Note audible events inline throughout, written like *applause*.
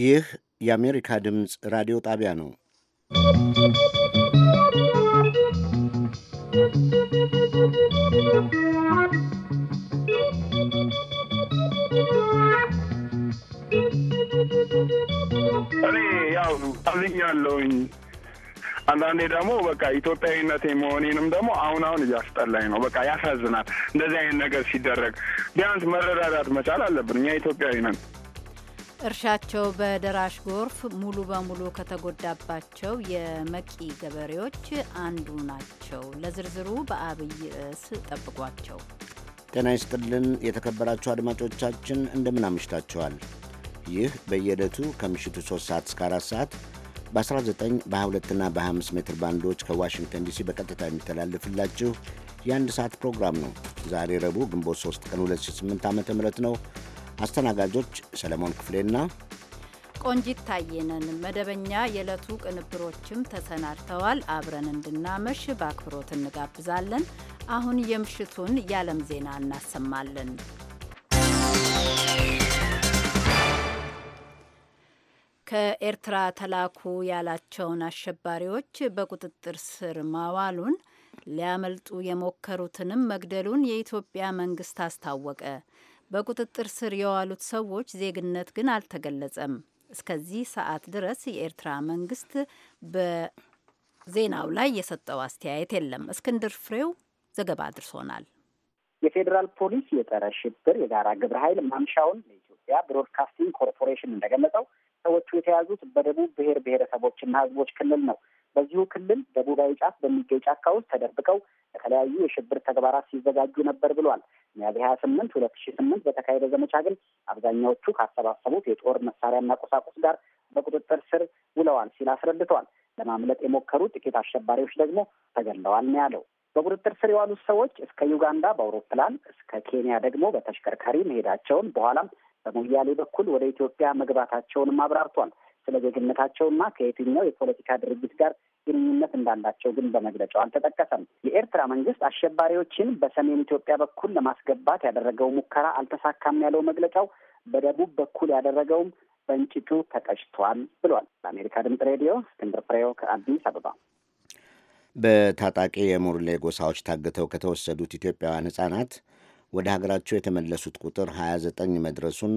ይህ የአሜሪካ ድምፅ ራዲዮ ጣቢያ ነው። ያለውኝ አዝኛለሁኝ። አንዳንዴ ደግሞ በቃ ኢትዮጵያዊነት መሆኔንም ደግሞ አሁን አሁን እያስጠላኝ ነው። በቃ ያሳዝናል። እንደዚህ አይነት ነገር ሲደረግ ቢያንስ መረዳዳት መቻል አለብን። እኛ ኢትዮጵያዊ ነን። እርሻቸው በደራሽ ጎርፍ ሙሉ በሙሉ ከተጎዳባቸው የመቂ ገበሬዎች አንዱ ናቸው። ለዝርዝሩ በአብይ ርዕስ ጠብቋቸው። ጤና ይስጥልን የተከበራችሁ አድማጮቻችን እንደምን አምሽታችኋል። ይህ በየዕለቱ ከምሽቱ 3 ሰዓት እስከ 4 ሰዓት በ19 በ22ና በ25 ሜትር ባንዶች ከዋሽንግተን ዲሲ በቀጥታ የሚተላልፍላችሁ የአንድ ሰዓት ፕሮግራም ነው። ዛሬ ረቡዕ ግንቦት 3 ቀን 2008 ዓ ም ነው። አስተናጋጆች ሰለሞን ክፍሌና ቆንጂት ታየነን። መደበኛ የዕለቱ ቅንብሮችም ተሰናድተዋል። አብረን እንድናመሽ በአክብሮት እንጋብዛለን። አሁን የምሽቱን የዓለም ዜና እናሰማለን። ከኤርትራ ተላኩ ያላቸውን አሸባሪዎች በቁጥጥር ስር ማዋሉን ሊያመልጡ የሞከሩትንም መግደሉን የኢትዮጵያ መንግስት አስታወቀ። በቁጥጥር ስር የዋሉት ሰዎች ዜግነት ግን አልተገለጸም። እስከዚህ ሰዓት ድረስ የኤርትራ መንግስት በዜናው ላይ የሰጠው አስተያየት የለም። እስክንድር ፍሬው ዘገባ አድርሶናል። የፌዴራል ፖሊስ የጸረ ሽብር የጋራ ግብረ ኃይል ማምሻውን ለኢትዮጵያ ብሮድካስቲንግ ኮርፖሬሽን እንደገለጸው ሰዎቹ የተያዙት በደቡብ ብሔር ብሔረሰቦችና ሕዝቦች ክልል ነው። በዚሁ ክልል ደቡባዊ ጫፍ በሚገኝ ጫካ ውስጥ ተደብቀው ለተለያዩ የሽብር ተግባራት ሲዘጋጁ ነበር ብሏል። ሚያዝያ ሀያ ስምንት ሁለት ሺ ስምንት በተካሄደ ዘመቻ ግን አብዛኛዎቹ ካሰባሰቡት የጦር መሳሪያና ቁሳቁስ ጋር በቁጥጥር ስር ውለዋል ሲል አስረድተዋል። ለማምለጥ የሞከሩ ጥቂት አሸባሪዎች ደግሞ ተገለዋል ነው ያለው። በቁጥጥር ስር የዋሉት ሰዎች እስከ ዩጋንዳ በአውሮፕላን እስከ ኬንያ ደግሞ በተሽከርካሪ መሄዳቸውን በኋላም በሞያሌ በኩል ወደ ኢትዮጵያ መግባታቸውንም አብራርቷል። ስለ ዜግነታቸውና ከየትኛው የፖለቲካ ድርጅት ጋር ግንኙነት እንዳላቸው ግን በመግለጫው አልተጠቀሰም። የኤርትራ መንግስት አሸባሪዎችን በሰሜን ኢትዮጵያ በኩል ለማስገባት ያደረገው ሙከራ አልተሳካም ያለው መግለጫው በደቡብ በኩል ያደረገውም በእንጭቱ ተቀጭቷል ብሏል። ለአሜሪካ ድምጽ ሬዲዮ እስክንድር ፍሬው ከአዲስ አበባ። በታጣቂ የሙርሌ ጎሳዎች ታግተው ከተወሰዱት ኢትዮጵያውያን ህጻናት ወደ ሀገራቸው የተመለሱት ቁጥር 29 መድረሱን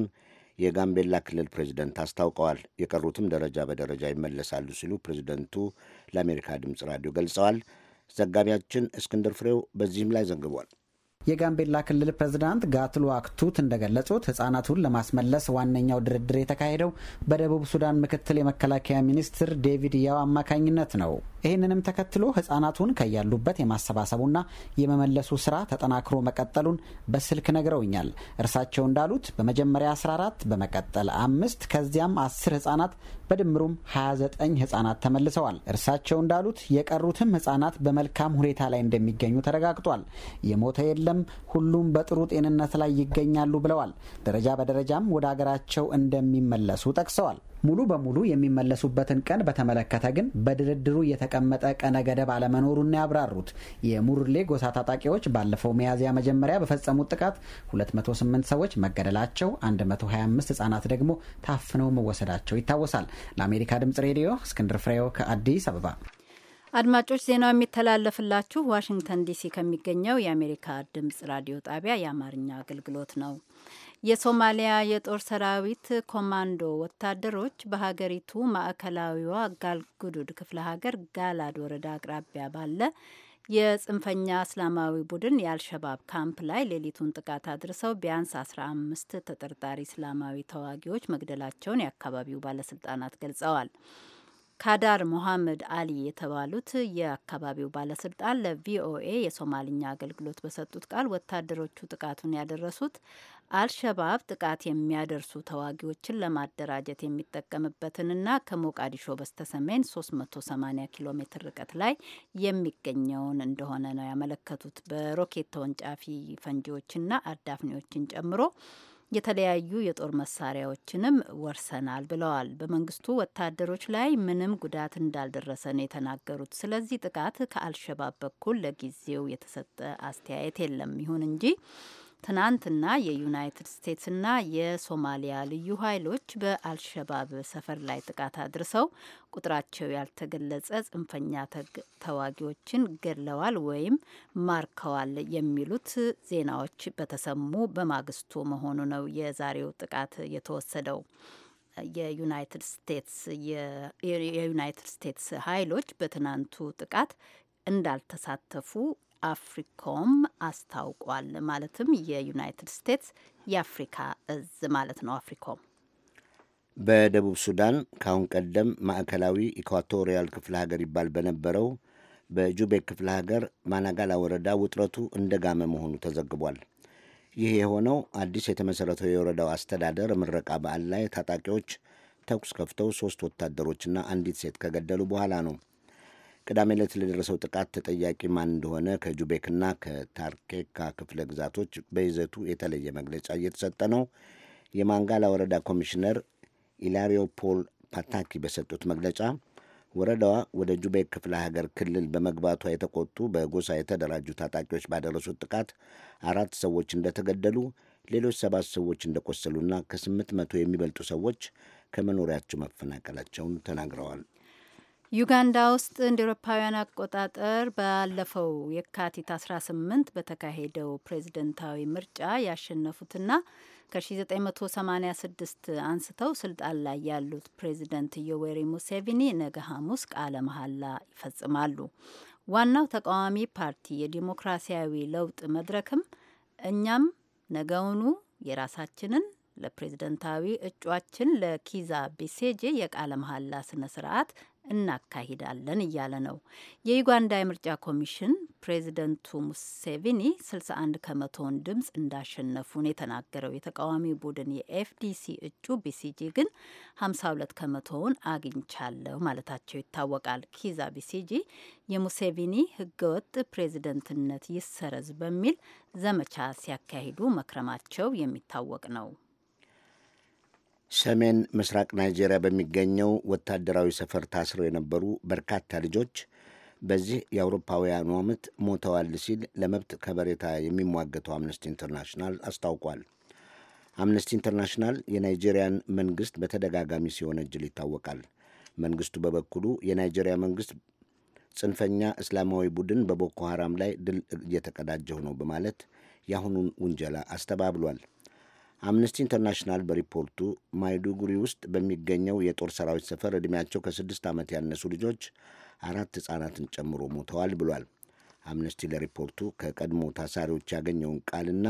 የጋምቤላ ክልል ፕሬዚደንት አስታውቀዋል። የቀሩትም ደረጃ በደረጃ ይመለሳሉ ሲሉ ፕሬዚደንቱ ለአሜሪካ ድምፅ ራዲዮ ገልጸዋል። ዘጋቢያችን እስክንድር ፍሬው በዚህም ላይ ዘግቧል። የጋምቤላ ክልል ፕሬዝዳንት ጋትሎ አክቱት እንደገለጹት ህጻናቱን ለማስመለስ ዋነኛው ድርድር የተካሄደው በደቡብ ሱዳን ምክትል የመከላከያ ሚኒስትር ዴቪድ ያው አማካኝነት ነው። ይህንንም ተከትሎ ህጻናቱን ከያሉበት የማሰባሰቡና የመመለሱ ስራ ተጠናክሮ መቀጠሉን በስልክ ነግረውኛል። እርሳቸው እንዳሉት በመጀመሪያ 14 በመቀጠል አምስት ከዚያም አስር ህጻናት በድምሩም 29 ህጻናት ተመልሰዋል። እርሳቸው እንዳሉት የቀሩትም ህጻናት በመልካም ሁኔታ ላይ እንደሚገኙ ተረጋግጧል። የሞተ የለም፣ ሁሉም በጥሩ ጤንነት ላይ ይገኛሉ ብለዋል። ደረጃ በደረጃም ወደ አገራቸው እንደሚመለሱ ጠቅሰዋል። ሙሉ በሙሉ የሚመለሱበትን ቀን በተመለከተ ግን በድርድሩ የተቀመጠ ቀነ ገደብ አለመኖሩና ያብራሩት የሙርሌ ጎሳ ታጣቂዎች ባለፈው መያዝያ መጀመሪያ በፈጸሙት ጥቃት 208 ሰዎች መገደላቸው፣ 125 ህጻናት ደግሞ ታፍነው መወሰዳቸው ይታወሳል። ለአሜሪካ ድምጽ ሬዲዮ እስክንድር ፍሬው ከአዲስ አበባ። አድማጮች ዜናው የሚተላለፍላችሁ ዋሽንግተን ዲሲ ከሚገኘው የአሜሪካ ድምጽ ራዲዮ ጣቢያ የአማርኛ አገልግሎት ነው። የሶማሊያ የጦር ሰራዊት ኮማንዶ ወታደሮች በሀገሪቱ ማዕከላዊዋ ጋልጉዱድ ክፍለ ሀገር ጋላድ ወረዳ አቅራቢያ ባለ የጽንፈኛ እስላማዊ ቡድን የአልሸባብ ካምፕ ላይ ሌሊቱን ጥቃት አድርሰው ቢያንስ አምስት ተጠርጣሪ እስላማዊ ተዋጊዎች መግደላቸውን የአካባቢው ባለስልጣናት ገልጸዋል። ካዳር ሞሐመድ አሊ የተባሉት የአካባቢው ባለስልጣን ለቪኦኤ የሶማልኛ አገልግሎት በሰጡት ቃል ወታደሮቹ ጥቃቱን ያደረሱት አልሸባብ ጥቃት የሚያደርሱ ተዋጊዎችን ለማደራጀት የሚጠቀምበትንና ከሞቃዲሾ በስተሰሜን 380 ኪሎ ሜትር ርቀት ላይ የሚገኘውን እንደሆነ ነው ያመለከቱት። በሮኬት ተወንጫፊ ፈንጂዎችና አዳፍኔዎችን ጨምሮ የተለያዩ የጦር መሳሪያዎችንም ወርሰናል ብለዋል። በመንግስቱ ወታደሮች ላይ ምንም ጉዳት እንዳልደረሰ ነው የተናገሩት። ስለዚህ ጥቃት ከአልሸባብ በኩል ለጊዜው የተሰጠ አስተያየት የለም። ይሁን እንጂ ትናንትና የዩናይትድ ስቴትስና የሶማሊያ ልዩ ኃይሎች በአልሸባብ ሰፈር ላይ ጥቃት አድርሰው ቁጥራቸው ያልተገለጸ ጽንፈኛ ተዋጊዎችን ገድለዋል ወይም ማርከዋል የሚሉት ዜናዎች በተሰሙ በማግስቱ መሆኑ ነው የዛሬው ጥቃት የተወሰደው። የዩናይትድ ስቴትስ የዩናይትድ ስቴትስ ኃይሎች በትናንቱ ጥቃት እንዳልተሳተፉ አፍሪኮም አስታውቋል። ማለትም የዩናይትድ ስቴትስ የአፍሪካ እዝ ማለት ነው። አፍሪኮም በደቡብ ሱዳን ከአሁን ቀደም ማዕከላዊ ኢኳቶሪያል ክፍለ ሀገር ይባል በነበረው በጁቤ ክፍለ ሀገር ማናጋላ ወረዳ ውጥረቱ እንደ ጋመ መሆኑ ተዘግቧል። ይህ የሆነው አዲስ የተመሠረተው የወረዳው አስተዳደር ምረቃ በዓል ላይ ታጣቂዎች ተኩስ ከፍተው ሦስት ወታደሮችና አንዲት ሴት ከገደሉ በኋላ ነው። ቅዳሜ ዕለት ለደረሰው ጥቃት ተጠያቂ ማን እንደሆነ ከጁቤክና ከታርኬካ ክፍለ ግዛቶች በይዘቱ የተለየ መግለጫ እየተሰጠ ነው። የማንጋላ ወረዳ ኮሚሽነር ኢላሪዮ ፖል ፓታኪ በሰጡት መግለጫ ወረዳዋ ወደ ጁቤክ ክፍለ ሀገር ክልል በመግባቷ የተቆጡ በጎሳ የተደራጁ ታጣቂዎች ባደረሱት ጥቃት አራት ሰዎች እንደተገደሉ ሌሎች ሰባት ሰዎች እንደቆሰሉና ከስምንት መቶ የሚበልጡ ሰዎች ከመኖሪያቸው መፈናቀላቸውን ተናግረዋል። ዩጋንዳ ውስጥ እንደ ኤሮፓውያን አቆጣጠር ባለፈው የካቲት 18 በተካሄደው ፕሬዝደንታዊ ምርጫ ያሸነፉትና ከ1986 አንስተው ስልጣን ላይ ያሉት ፕሬዝደንት ዮዌሪ ሙሴቪኒ ነገ ሐሙስ ቃለ መሐላ ይፈጽማሉ። ዋናው ተቃዋሚ ፓርቲ የዲሞክራሲያዊ ለውጥ መድረክም እኛም ነገውኑ የራሳችንን ለፕሬዝደንታዊ እጯችን ለኪዛ ቢሴጄ የቃለ መሐላ ስነ ስርዓት እናካሂዳለን እያለ ነው። የዩጋንዳ የምርጫ ኮሚሽን ፕሬዚደንቱ ሙሴቪኒ 61 ከመቶውን ድምፅ እንዳሸነፉን የተናገረው የተቃዋሚ ቡድን የኤፍዲሲ እጩ ቢሲጂ ግን 52 ከመቶውን አግኝቻለሁ ማለታቸው ይታወቃል። ኪዛ ቢሲጂ የሙሴቪኒ ህገወጥ ፕሬዝደንትነት ይሰረዝ በሚል ዘመቻ ሲያካሂዱ መክረማቸው የሚታወቅ ነው። ሰሜን ምስራቅ ናይጄሪያ በሚገኘው ወታደራዊ ሰፈር ታስረው የነበሩ በርካታ ልጆች በዚህ የአውሮፓውያኑ ዓመት ሞተዋል ሲል ለመብት ከበሬታ የሚሟገተው አምነስቲ ኢንተርናሽናል አስታውቋል። አምነስቲ ኢንተርናሽናል የናይጄሪያን መንግሥት በተደጋጋሚ ሲወነጅል ይታወቃል። መንግሥቱ በበኩሉ የናይጄሪያ መንግሥት ጽንፈኛ እስላማዊ ቡድን በቦኮ ሐራም ላይ ድል እየተቀዳጀሁ ነው በማለት የአሁኑን ውንጀላ አስተባብሏል። አምነስቲ ኢንተርናሽናል በሪፖርቱ ማይዱጉሪ ውስጥ በሚገኘው የጦር ሰራዊት ሰፈር ዕድሜያቸው ከስድስት ዓመት ያነሱ ልጆች አራት ሕፃናትን ጨምሮ ሞተዋል ብሏል። አምነስቲ ለሪፖርቱ ከቀድሞ ታሳሪዎች ያገኘውን ቃልና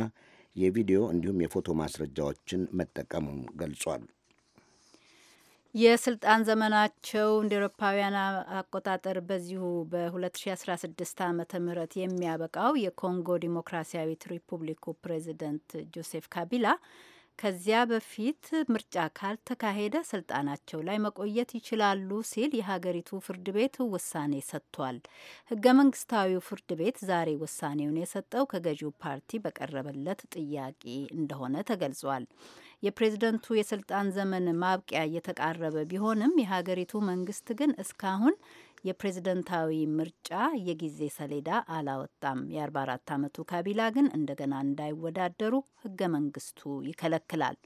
የቪዲዮ እንዲሁም የፎቶ ማስረጃዎችን መጠቀሙን ገልጿል። የስልጣን ዘመናቸው እንደ ኤሮፓውያን አቆጣጠር በዚሁ በ2016 ዓ ም የሚያበቃው የኮንጎ ዲሞክራሲያዊት ሪፑብሊኩ ፕሬዚደንት ጆሴፍ ካቢላ ከዚያ በፊት ምርጫ ካልተካሄደ ስልጣናቸው ላይ መቆየት ይችላሉ ሲል የሀገሪቱ ፍርድ ቤት ውሳኔ ሰጥቷል። ህገ መንግስታዊው ፍርድ ቤት ዛሬ ውሳኔውን የሰጠው ከገዢው ፓርቲ በቀረበለት ጥያቄ እንደሆነ ተገልጿል። የፕሬዝደንቱ የስልጣን ዘመን ማብቂያ እየተቃረበ ቢሆንም የሀገሪቱ መንግስት ግን እስካሁን የፕሬዝደንታዊ ምርጫ የጊዜ ሰሌዳ አላወጣም። የ44 ዓመቱ ካቢላ ግን እንደገና እንዳይወዳደሩ ህገ መንግስቱ ይከለክላል።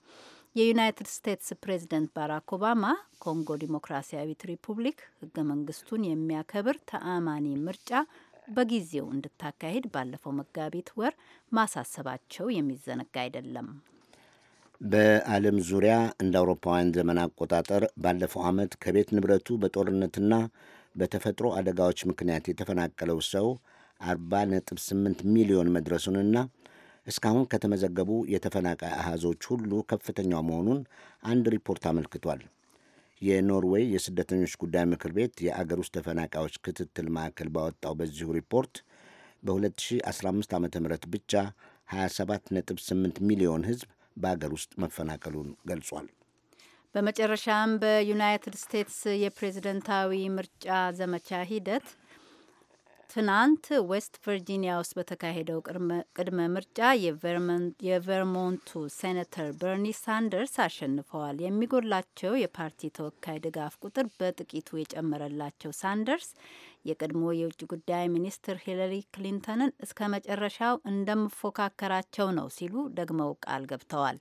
የዩናይትድ ስቴትስ ፕሬዝደንት ባራክ ኦባማ ኮንጎ ዲሞክራሲያዊት ሪፑብሊክ ህገ መንግስቱን የሚያከብር ተአማኒ ምርጫ በጊዜው እንድታካሄድ ባለፈው መጋቢት ወር ማሳሰባቸው የሚዘነጋ አይደለም። በዓለም ዙሪያ እንደ አውሮፓውያን ዘመን አቆጣጠር ባለፈው ዓመት ከቤት ንብረቱ በጦርነትና በተፈጥሮ አደጋዎች ምክንያት የተፈናቀለው ሰው 40.8 ሚሊዮን መድረሱንና እስካሁን ከተመዘገቡ የተፈናቃይ አሃዞች ሁሉ ከፍተኛው መሆኑን አንድ ሪፖርት አመልክቷል። የኖርዌይ የስደተኞች ጉዳይ ምክር ቤት የአገር ውስጥ ተፈናቃዮች ክትትል ማዕከል ባወጣው በዚሁ ሪፖርት በ2015 ዓ ም ብቻ 27.8 ሚሊዮን ሕዝብ በአገር ውስጥ መፈናቀሉን ገልጿል። በመጨረሻም በዩናይትድ ስቴትስ የፕሬዝደንታዊ ምርጫ ዘመቻ ሂደት ትናንት ዌስት ቨርጂኒያ ውስጥ በተካሄደው ቅድመ ምርጫ የቨርሞንቱ ሴኔተር በርኒ ሳንደርስ አሸንፈዋል። የሚጎላቸው የፓርቲ ተወካይ ድጋፍ ቁጥር በጥቂቱ የጨመረላቸው ሳንደርስ የቀድሞ የውጭ ጉዳይ ሚኒስትር ሂለሪ ክሊንተንን እስከ መጨረሻው እንደምፎካከራቸው ነው ሲሉ ደግመው ቃል ገብተዋል።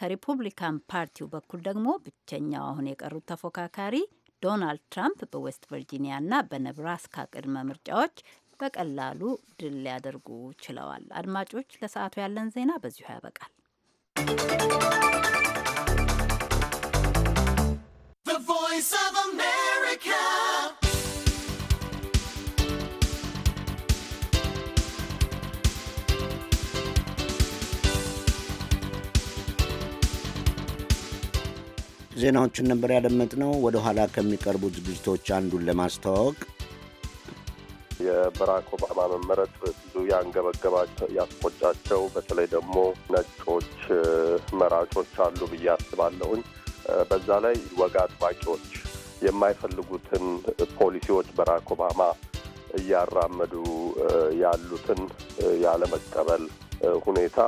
ከሪፑብሊካን ፓርቲው በኩል ደግሞ ብቸኛው አሁን የቀሩት ተፎካካሪ ዶናልድ ትራምፕ በዌስት ቨርጂኒያና በነብራስካ ቅድመ ምርጫዎች በቀላሉ ድል ሊያደርጉ ችለዋል። አድማጮች፣ ለሰዓቱ ያለን ዜና በዚሁ ያበቃል። ቮይስ ኦፍ አሜሪካ ዜናዎችን ነበር ያደመጥነው። ወደ ኋላ ከሚቀርቡ ዝግጅቶች አንዱን ለማስተዋወቅ የበራክ ኦባማ መመረጥ ብዙ ያንገበገባቸው ያስቆጫቸው፣ በተለይ ደግሞ ነጮች መራጮች አሉ ብዬ አስባለሁኝ። በዛ ላይ ወግ አጥባቂዎች የማይፈልጉትን ፖሊሲዎች በራክ ኦባማ እያራመዱ ያሉትን ያለመቀበል ሁኔታ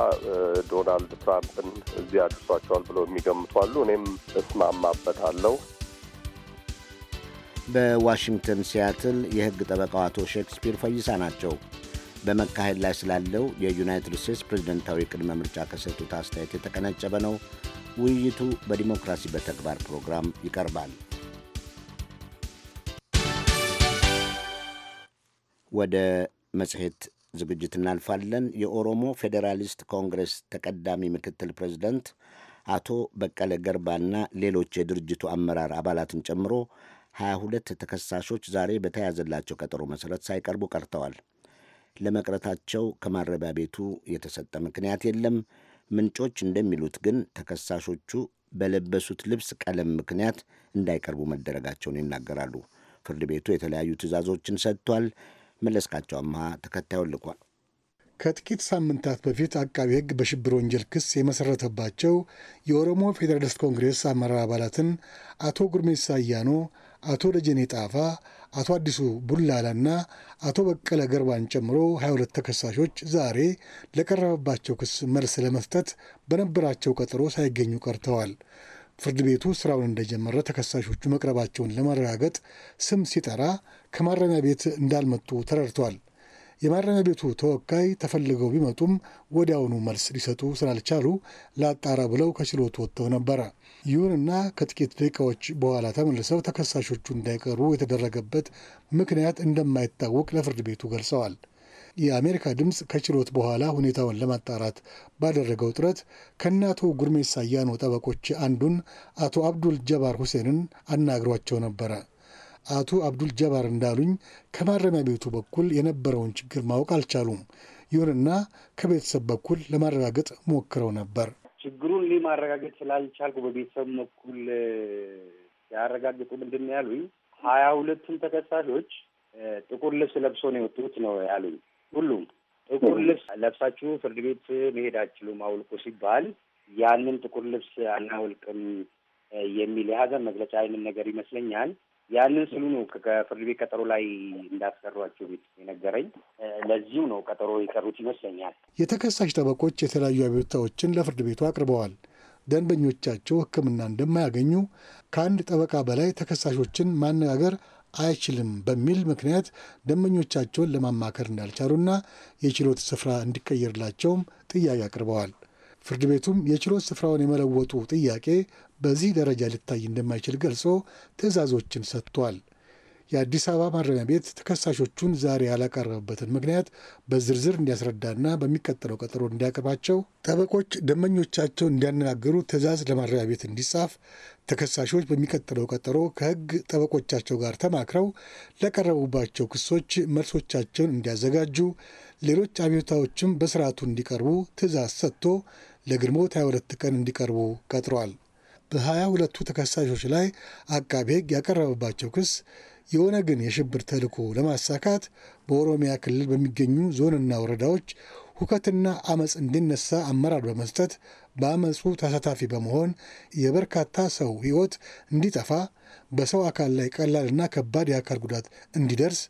ዶናልድ ትራምፕን እዚህ አድርሷቸዋል ብለው የሚገምቱ አሉ። እኔም እስማማበታለሁ። በዋሽንግተን ሲያትል የሕግ ጠበቃው አቶ ሼክስፒር ፈይሳ ናቸው። በመካሄድ ላይ ስላለው የዩናይትድ ስቴትስ ፕሬዝደንታዊ ቅድመ ምርጫ ከሰጡት አስተያየት የተቀነጨበ ነው። ውይይቱ በዲሞክራሲ በተግባር ፕሮግራም ይቀርባል። ወደ መጽሔት ዝግጅት እናልፋለን። የኦሮሞ ፌዴራሊስት ኮንግረስ ተቀዳሚ ምክትል ፕሬዚደንት አቶ በቀለ ገርባና ሌሎች የድርጅቱ አመራር አባላትን ጨምሮ 22 ተከሳሾች ዛሬ በተያዘላቸው ቀጠሮ መሠረት ሳይቀርቡ ቀርተዋል። ለመቅረታቸው ከማረቢያ ቤቱ የተሰጠ ምክንያት የለም። ምንጮች እንደሚሉት ግን ተከሳሾቹ በለበሱት ልብስ ቀለም ምክንያት እንዳይቀርቡ መደረጋቸውን ይናገራሉ። ፍርድ ቤቱ የተለያዩ ትዕዛዞችን ሰጥቷል። መለስካቸው አምሃ ተከታዩን ልኳል። ከጥቂት ሳምንታት በፊት አቃቢ ሕግ በሽብር ወንጀል ክስ የመሰረተባቸው የኦሮሞ ፌዴራሊስት ኮንግሬስ አመራር አባላትን አቶ ጉርሜሳ አያኖ፣ አቶ ደጀኔ ጣፋ፣ አቶ አዲሱ ቡላላና አቶ በቀለ ገርባን ጨምሮ 22 ተከሳሾች ዛሬ ለቀረበባቸው ክስ መልስ ለመስጠት በነበራቸው ቀጠሮ ሳይገኙ ቀርተዋል። ፍርድ ቤቱ ስራውን እንደጀመረ ተከሳሾቹ መቅረባቸውን ለማረጋገጥ ስም ሲጠራ ከማረሚያ ቤት እንዳልመጡ ተረድቷል። የማረሚያ ቤቱ ተወካይ ተፈልገው ቢመጡም ወዲያውኑ መልስ ሊሰጡ ስላልቻሉ ላጣራ ብለው ከችሎት ወጥተው ነበረ። ይሁንና ከጥቂት ደቂቃዎች በኋላ ተመልሰው ተከሳሾቹ እንዳይቀርቡ የተደረገበት ምክንያት እንደማይታወቅ ለፍርድ ቤቱ ገልጸዋል። የአሜሪካ ድምፅ ከችሎት በኋላ ሁኔታውን ለማጣራት ባደረገው ጥረት ከእነ አቶ ጉርሜሳ አያኖ ጠበቆች አንዱን አቶ አብዱል ጀባር ሁሴንን አናግሯቸው ነበረ። አቶ አብዱል ጀባር እንዳሉኝ ከማረሚያ ቤቱ በኩል የነበረውን ችግር ማወቅ አልቻሉም። ይሁንና ከቤተሰብ በኩል ለማረጋገጥ ሞክረው ነበር። ችግሩን እኔ ማረጋገጥ ስላልቻልኩ በቤተሰብ በኩል ያረጋግጡ ምንድን ነው ያሉኝ ሀያ ሁለቱም ተከሳሾች ጥቁር ልብስ ለብሶ ነው የወጡት ነው ያሉኝ። ሁሉም ጥቁር ልብስ ለብሳችሁ ፍርድ ቤት መሄድ አትችሉም አውልቁ ሲባል ያንን ጥቁር ልብስ አናውልቅም የሚል የሀዘን መግለጫ አይነት ነገር ይመስለኛል። ያንን ስሉ ነው ከፍርድ ቤት ቀጠሮ ላይ እንዳስቀሯቸው ቤት የነገረኝ። ለዚሁ ነው ቀጠሮ የቀሩት ይመስለኛል። የተከሳሽ ጠበቆች የተለያዩ አቤቱታዎችን ለፍርድ ቤቱ አቅርበዋል። ደንበኞቻቸው ሕክምና እንደማያገኙ ከአንድ ጠበቃ በላይ ተከሳሾችን ማነጋገር አይችልም በሚል ምክንያት ደንበኞቻቸውን ለማማከር እንዳልቻሉና የችሎት ስፍራ እንዲቀየርላቸውም ጥያቄ አቅርበዋል። ፍርድ ቤቱም የችሎት ስፍራውን የመለወጡ ጥያቄ በዚህ ደረጃ ሊታይ እንደማይችል ገልጾ ትዕዛዞችን ሰጥቷል። የአዲስ አበባ ማረሚያ ቤት ተከሳሾቹን ዛሬ ያላቀረበበትን ምክንያት በዝርዝር እንዲያስረዳና በሚቀጥለው ቀጠሮ እንዲያቀርባቸው፣ ጠበቆች ደመኞቻቸው እንዲያነጋግሩ ትዕዛዝ ለማረሚያ ቤት እንዲጻፍ፣ ተከሳሾች በሚቀጥለው ቀጠሮ ከሕግ ጠበቆቻቸው ጋር ተማክረው ለቀረቡባቸው ክሶች መልሶቻቸውን እንዲያዘጋጁ፣ ሌሎች አቤቱታዎችም በስርዓቱ እንዲቀርቡ ትዕዛዝ ሰጥቶ ለግንቦት 22 ቀን እንዲቀርቡ ቀጥሯል። በሀያ ሁለቱ ተከሳሾች ላይ አቃቤ ሕግ ያቀረበባቸው ክስ የሆነ ግን የሽብር ተልዕኮ ለማሳካት በኦሮሚያ ክልል በሚገኙ ዞንና ወረዳዎች ሁከትና አመፅ እንዲነሳ አመራር በመስጠት በአመፁ ተሳታፊ በመሆን የበርካታ ሰው ሕይወት እንዲጠፋ በሰው አካል ላይ ቀላልና ከባድ የአካል ጉዳት እንዲደርስ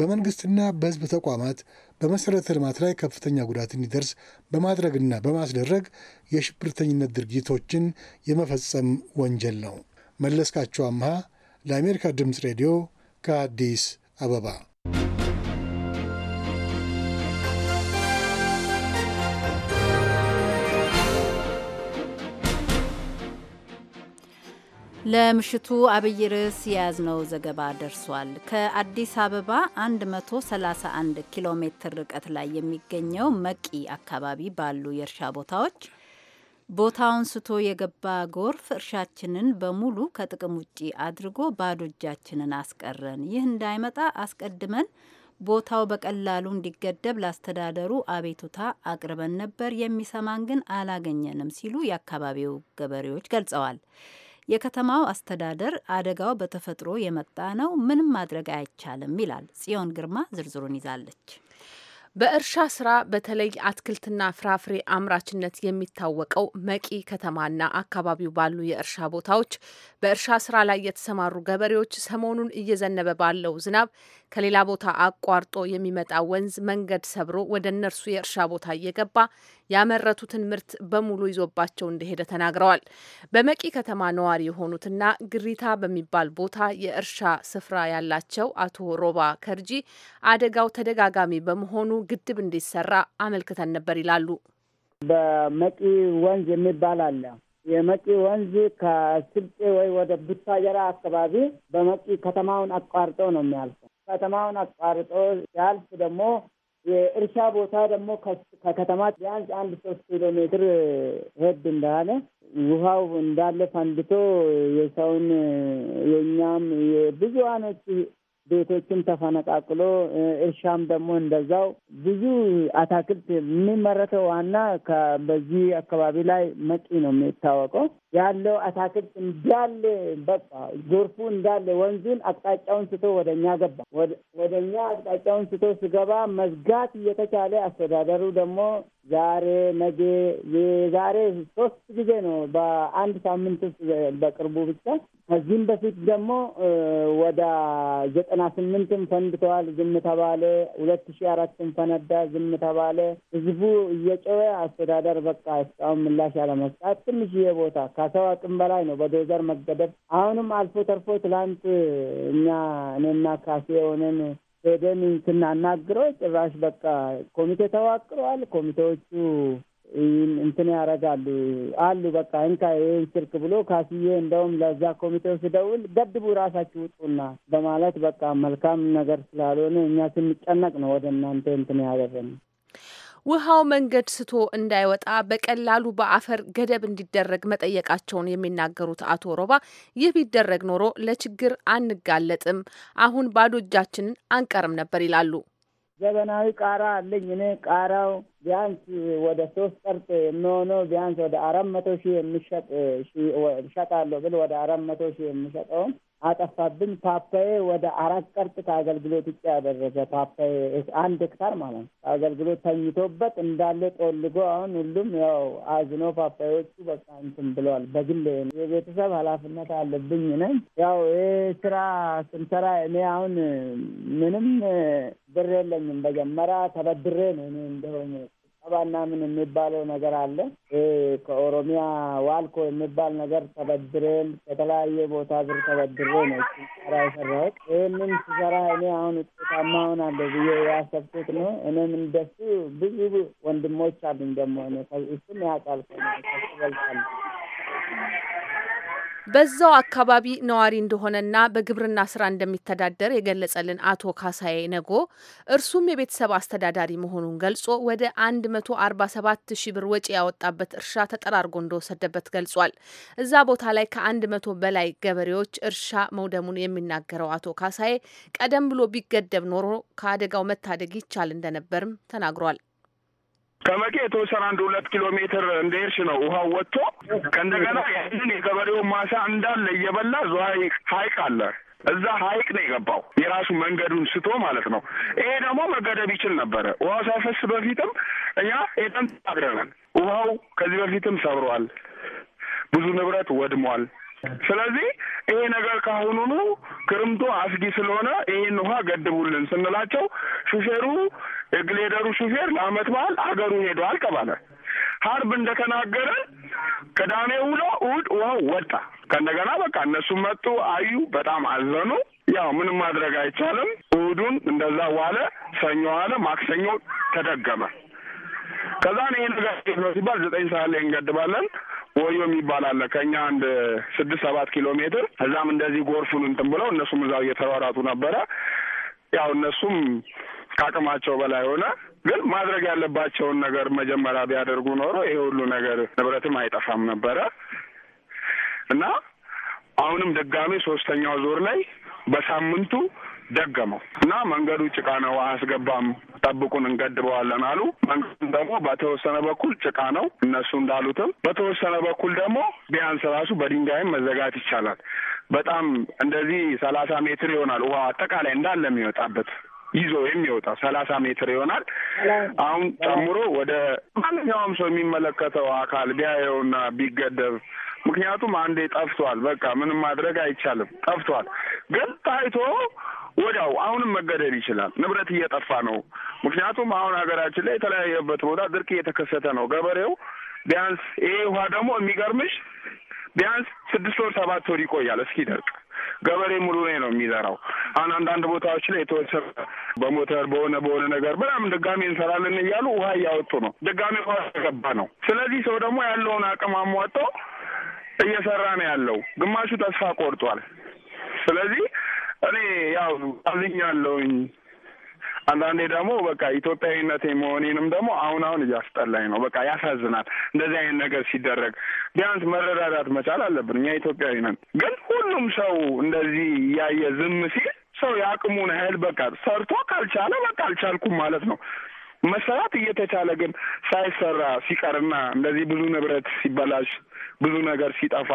በመንግስትና በሕዝብ ተቋማት በመሠረተ ልማት ላይ ከፍተኛ ጉዳት እንዲደርስ በማድረግና በማስደረግ የሽብርተኝነት ድርጊቶችን የመፈጸም ወንጀል ነው። መለስካቸው አምሃ ለአሜሪካ ድምፅ ሬዲዮ ከአዲስ አበባ ለምሽቱ አብይ ርዕስ የያዝነው ዘገባ ደርሷል። ከአዲስ አበባ 131 ኪሎ ሜትር ርቀት ላይ የሚገኘው መቂ አካባቢ ባሉ የእርሻ ቦታዎች ቦታውን ስቶ የገባ ጎርፍ እርሻችንን በሙሉ ከጥቅም ውጪ አድርጎ ባዶ እጃችንን አስቀረን። ይህ እንዳይመጣ አስቀድመን ቦታው በቀላሉ እንዲገደብ ላስተዳደሩ አቤቱታ አቅርበን ነበር፣ የሚሰማን ግን አላገኘንም ሲሉ የአካባቢው ገበሬዎች ገልጸዋል። የከተማው አስተዳደር አደጋው በተፈጥሮ የመጣ ነው፣ ምንም ማድረግ አይቻልም ይላል። ጽዮን ግርማ ዝርዝሩን ይዛለች። በእርሻ ስራ በተለይ አትክልትና ፍራፍሬ አምራችነት የሚታወቀው መቂ ከተማና አካባቢው ባሉ የእርሻ ቦታዎች በእርሻ ስራ ላይ የተሰማሩ ገበሬዎች ሰሞኑን እየዘነበ ባለው ዝናብ ከሌላ ቦታ አቋርጦ የሚመጣ ወንዝ መንገድ ሰብሮ ወደ እነርሱ የእርሻ ቦታ እየገባ ያመረቱትን ምርት በሙሉ ይዞባቸው እንደሄደ ተናግረዋል። በመቂ ከተማ ነዋሪ የሆኑትና ግሪታ በሚባል ቦታ የእርሻ ስፍራ ያላቸው አቶ ሮባ ከርጂ አደጋው ተደጋጋሚ በመሆኑ ግድብ እንዲሰራ አመልክተን ነበር ይላሉ። በመቂ ወንዝ የሚባል አለ። የመቂ ወንዝ ከስልጤ ወይ ወደ ቡታጀራ አካባቢ በመቂ ከተማውን አቋርጦ ነው የሚያልፈው። ከተማውን አቋርጦ ሲያልፍ ደግሞ የእርሻ ቦታ ደግሞ ከከተማ ቢያንስ አንድ ሶስት ኪሎ ሜትር ሄድ እንዳለ ውሃው እንዳለ ፈንድቶ የሰውን የእኛም የብዙ አይነት ቤቶችም ተፈነቃቅሎ እርሻም ደግሞ እንደዛው ብዙ አታክልት የሚመረተው ዋና በዚህ አካባቢ ላይ መቂ ነው የሚታወቀው። ያለው አታክልት እንዳለ በቃ ጎርፉ እንዳለ ወንዙን አቅጣጫውን ስቶ ወደ እኛ ገባ። ወደ እኛ አቅጣጫውን ስቶ ስገባ መዝጋት እየተቻለ አስተዳደሩ ደግሞ ዛሬ ነገ የዛሬ ሶስት ጊዜ ነው በአንድ ሳምንት ውስጥ በቅርቡ ብቻ። ከዚህም በፊት ደግሞ ወደ ዘጠና ስምንትም ፈንድተዋል፣ ዝም ተባለ። ሁለት ሺ አራትም ፈነዳ፣ ዝም ተባለ። ህዝቡ እየጮኸ አስተዳደር በቃ እስካሁን ምላሽ አለመስጣት ትንሽዬ ቦታ ከሰው አቅም በላይ ነው በዶዘር መገደብ። አሁንም አልፎ ተርፎ ትላንት እኛ እኔና ካሴ የሆነን ሄደን ስናናግረው ጭራሽ በቃ ኮሚቴ ተዋቅረዋል፣ ኮሚቴዎቹ እንትን ያደርጋሉ አሉ በቃ እንካ ይህን ስልክ ብሎ ካስዬ እንደውም ለዛ ኮሚቴው ስደውል ገድቡ ራሳችሁ ውጡና በማለት በቃ መልካም ነገር ስላልሆነ እኛ ስንጨነቅ ነው ወደ እናንተ እንትን ያደረግነው። ውሃው መንገድ ስቶ እንዳይወጣ በቀላሉ በአፈር ገደብ እንዲደረግ መጠየቃቸውን የሚናገሩት አቶ ሮባ ይህ ቢደረግ ኖሮ ለችግር አንጋለጥም፣ አሁን ባዶ እጃችንን አንቀርም ነበር ይላሉ። ዘመናዊ ቃራ አለኝ። እኔ ቃራው ቢያንስ ወደ ሶስት ቀርጥ የሚሆነው ቢያንስ ወደ አራት መቶ ሺህ የሚሸጥ ሸጣለሁ ብል ወደ አራት መቶ ሺህ የሚሸጠውን አጠፋብን። ፓፓዬ ወደ አራት ቀርጥ ከአገልግሎት ውጭ ያደረገ ፓፓዬ አንድ ሄክታር ማለት ነው። አገልግሎት ተኝቶበት እንዳለ ጦልጎ አሁን ሁሉም ያው አዝኖ ፓፓዎቹ በቃ እንትን ብለዋል። በግል የቤተሰብ ኃላፊነት አለብኝ ነኝ። ያው ይህ ስራ ስንሰራ እኔ አሁን ምንም ብር የለኝም። በጀመራ ተበድሬ ነው እኔ እንደሆነ ሰባና ምን የሚባለው ነገር አለ። ከኦሮሚያ ዋልኮ የሚባል ነገር ተበድሬን ከተለያየ ቦታ ብር ተበድሬ ነው ሰራ የሰራሁት። ይህንን ስሰራ እኔ አሁን ውጤታማ ሆናለሁ ብዬ ያሰብኩት ነው። እኔም እንደሱ ብዙ ወንድሞች አሉኝ ደግሞ እሱም ያውቃል ከሱ በልጣለሁ። በዛው አካባቢ ነዋሪ እንደሆነና በግብርና ስራ እንደሚተዳደር የገለጸልን አቶ ካሳዬ ነጎ እርሱም የቤተሰብ አስተዳዳሪ መሆኑን ገልጾ ወደ 147 ሺ ብር ወጪ ያወጣበት እርሻ ተጠራርጎ እንደወሰደበት ገልጿል። እዛ ቦታ ላይ ከ100 በላይ ገበሬዎች እርሻ መውደሙን የሚናገረው አቶ ካሳዬ ቀደም ብሎ ቢገደብ ኖሮ ከአደጋው መታደግ ይቻል እንደነበርም ተናግሯል። ከመቄ የተወሰነ አንድ ሁለት ኪሎ ሜትር እንደሄድሽ ነው ውሃው ወጥቶ ከእንደገና ያንን የገበሬውን ማሳ እንዳለ እየበላ ዝዋይ ሀይቅ አለ። እዛ ሀይቅ ነው የገባው የራሱ መንገዱን ስቶ ማለት ነው። ይሄ ደግሞ መገደብ ይችል ነበረ። ውሃው ሳይፈስ በፊትም እኛ ሄደን አድረናል። ውሃው ከዚህ በፊትም ሰብሯል፣ ብዙ ንብረት ወድሟል። ስለዚህ ይሄ ነገር ካሁኑኑ ክርምቱ አስጊ ስለሆነ ይህን ውሃ ገድቡልን ስንላቸው ሹፌሩ የግሌደሩ ሹፌር ለአመት በዓል አገሩ ሄደዋል ተባለ። ሀርብ እንደተናገረን ቅዳሜ ውሎ እሑድ ውሃው ወጣ። ከእንደገና በቃ እነሱ መጡ፣ አዩ፣ በጣም አዘኑ። ያው ምንም ማድረግ አይቻልም። እሑዱን እንደዛ ዋለ፣ ሰኞ ዋለ፣ ማክሰኞ ተደገመ። ከዛን ይሄ ነገር ሲባል ዘጠኝ ሰዓት ላይ እንገድባለን ወዮ የሚባል አለ ከእኛ አንድ ስድስት ሰባት ኪሎ ሜትር እዛም እንደዚህ ጎርፉን እንትን ብለው እነሱም እዛው እየተሯሯጡ ነበረ። ያው እነሱም ከአቅማቸው በላይ ሆነ። ግን ማድረግ ያለባቸውን ነገር መጀመሪያ ቢያደርጉ ኖሮ ይሄ ሁሉ ነገር ንብረትም አይጠፋም ነበረ እና አሁንም ድጋሚ ሶስተኛው ዞር ላይ በሳምንቱ ደገመው እና መንገዱ ጭቃ ነው፣ አያስገባም፣ ጠብቁን እንገድበዋለን አሉ። መንገዱን ደግሞ በተወሰነ በኩል ጭቃ ነው እነሱ እንዳሉትም፣ በተወሰነ በኩል ደግሞ ቢያንስ ራሱ በድንጋይም መዘጋት ይቻላል። በጣም እንደዚህ ሰላሳ ሜትር ይሆናል ውሃ አጠቃላይ እንዳለ የሚወጣበት ይዞ የሚወጣ ሰላሳ ሜትር ይሆናል። አሁን ጨምሮ ወደ ማንኛውም ሰው የሚመለከተው አካል ቢያየውና ቢገደብ ምክንያቱም አንዴ ጠፍቷል። በቃ ምንም ማድረግ አይቻልም። ጠፍቷል ግን ታይቶ ወዲያው አሁንም መገደል ይችላል። ንብረት እየጠፋ ነው። ምክንያቱም አሁን ሀገራችን ላይ የተለያየበት ቦታ ድርቅ እየተከሰተ ነው። ገበሬው ቢያንስ ይሄ ውሃ ደግሞ የሚገርምሽ ቢያንስ ስድስት ወር ሰባት ወር ይቆያል እስኪደርቅ። ገበሬ ሙሉ ነው የሚዘራው። አሁን አንዳንድ ቦታዎች ላይ የተወሰነ በሞተር በሆነ በሆነ ነገር በጣም ድጋሜ እንሰራለን እያሉ ውሃ እያወጡ ነው። ድጋሜ ውሃ ገባ ነው። ስለዚህ ሰው ደግሞ ያለውን አቅም አሟጦ እየሰራ ነው ያለው። ግማሹ ተስፋ ቆርጧል። ስለዚህ እኔ ያው አዝኛለሁኝ። አንዳንዴ ደግሞ በቃ ኢትዮጵያዊነት መሆኔንም ደግሞ አሁን አሁን እያስጠላኝ ነው። በቃ ያሳዝናል። እንደዚህ አይነት ነገር ሲደረግ ቢያንስ መረዳዳት መቻል አለብን። እኛ ኢትዮጵያዊ ነን። ግን ሁሉም ሰው እንደዚህ እያየ ዝም ሲል ሰው የአቅሙን ያህል በቃ ሰርቶ ካልቻለ በቃ አልቻልኩም ማለት ነው። መሰራት እየተቻለ ግን ሳይሰራ ሲቀርና እንደዚህ ብዙ ንብረት ሲበላሽ ብዙ ነገር ሲጠፋ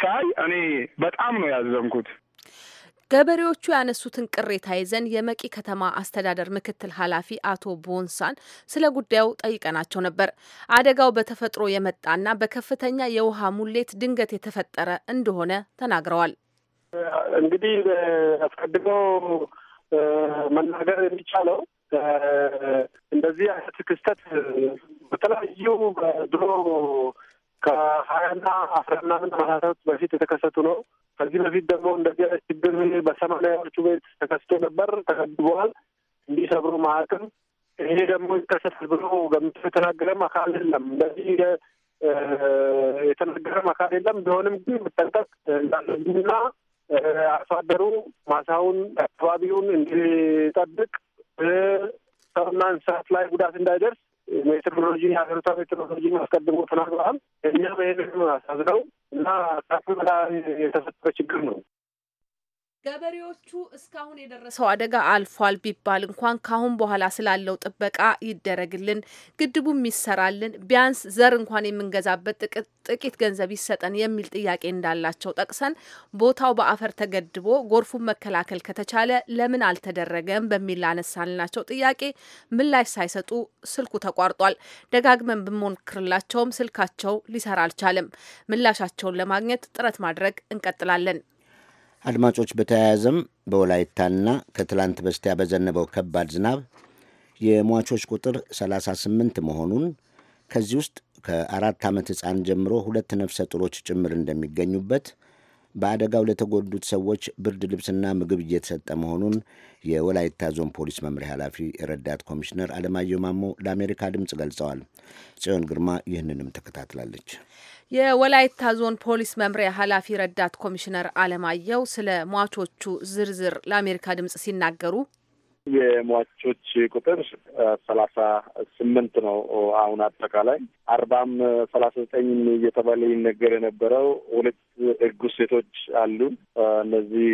ሳይ እኔ በጣም ነው ያዘንኩት። ገበሬዎቹ ያነሱትን ቅሬታ ይዘን የመቂ ከተማ አስተዳደር ምክትል ኃላፊ አቶ ቦንሳን ስለ ጉዳዩ ጠይቀናቸው ነበር። አደጋው በተፈጥሮ የመጣና በከፍተኛ የውሃ ሙሌት ድንገት የተፈጠረ እንደሆነ ተናግረዋል። እንግዲህ አስቀድሞ መናገር የሚቻለው እንደዚህ አይነት ክስተት በተለያዩ በድሮ ከሀያና አስራ ምናምን አመታታት በፊት የተከሰቱ ነው። ከዚህ በፊት ደግሞ እንደዚህ አይነት ችግር በሰማንያዎቹ ቤት ተከስቶ ነበር። ተከድበዋል። እንዲሰብሩ ማዕቅም ይሄ ደግሞ ይከሰታል ብሎ ገምቶ የተናገረም አካል የለም። እንደዚህ የተናገረም አካል የለም። ቢሆንም ግን መጠንቀቅ እንዳለብንና አርሶ አደሩ ማሳውን፣ አካባቢውን እንዲጠብቅ ሰውና እንስሳት ላይ ጉዳት እንዳይደርስ ሜትሮሎጂ ሀገሪቷ ሜትሮሎጂ አስቀድሞ ተናግረዋል። እኛ በሄድ ነው ያሳዝነው እና ሰፊ የተፈጠረ ችግር ነው። ገበሬዎቹ እስካሁን የደረሰው አደጋ አልፏል ቢባል እንኳን ካሁን በኋላ ስላለው ጥበቃ ይደረግልን፣ ግድቡም ይሰራልን፣ ቢያንስ ዘር እንኳን የምንገዛበት ጥቂት ገንዘብ ይሰጠን የሚል ጥያቄ እንዳላቸው ጠቅሰን ቦታው በአፈር ተገድቦ ጎርፉን መከላከል ከተቻለ ለምን አልተደረገም በሚል ላነሳልናቸው ጥያቄ ምላሽ ሳይሰጡ ስልኩ ተቋርጧል። ደጋግመን ብንሞክርላቸውም ስልካቸው ሊሰራ አልቻለም። ምላሻቸውን ለማግኘት ጥረት ማድረግ እንቀጥላለን። አድማጮች፣ በተያያዘም በወላይታና ከትላንት በስቲያ በዘነበው ከባድ ዝናብ የሟቾች ቁጥር 38 መሆኑን ከዚህ ውስጥ ከአራት ዓመት ሕፃን ጀምሮ ሁለት ነፍሰ ጡሮች ጭምር እንደሚገኙበት በአደጋው ለተጎዱት ሰዎች ብርድ ልብስና ምግብ እየተሰጠ መሆኑን የወላይታ ዞን ፖሊስ መምሪያ ኃላፊ ረዳት ኮሚሽነር አለማየሁ ማሞ ለአሜሪካ ድምፅ ገልጸዋል። ጽዮን ግርማ ይህንንም ተከታትላለች። የወላይታ ዞን ፖሊስ መምሪያ ኃላፊ ረዳት ኮሚሽነር አለማየሁ ስለ ሟቾቹ ዝርዝር ለአሜሪካ ድምጽ ሲናገሩ የሟቾች ቁጥር ሰላሳ ስምንት ነው። አሁን አጠቃላይ አርባም ሰላሳ ዘጠኝ እየተባለ ይነገር የነበረው ሁለት እርጉዝ ሴቶች አሉ። እነዚህ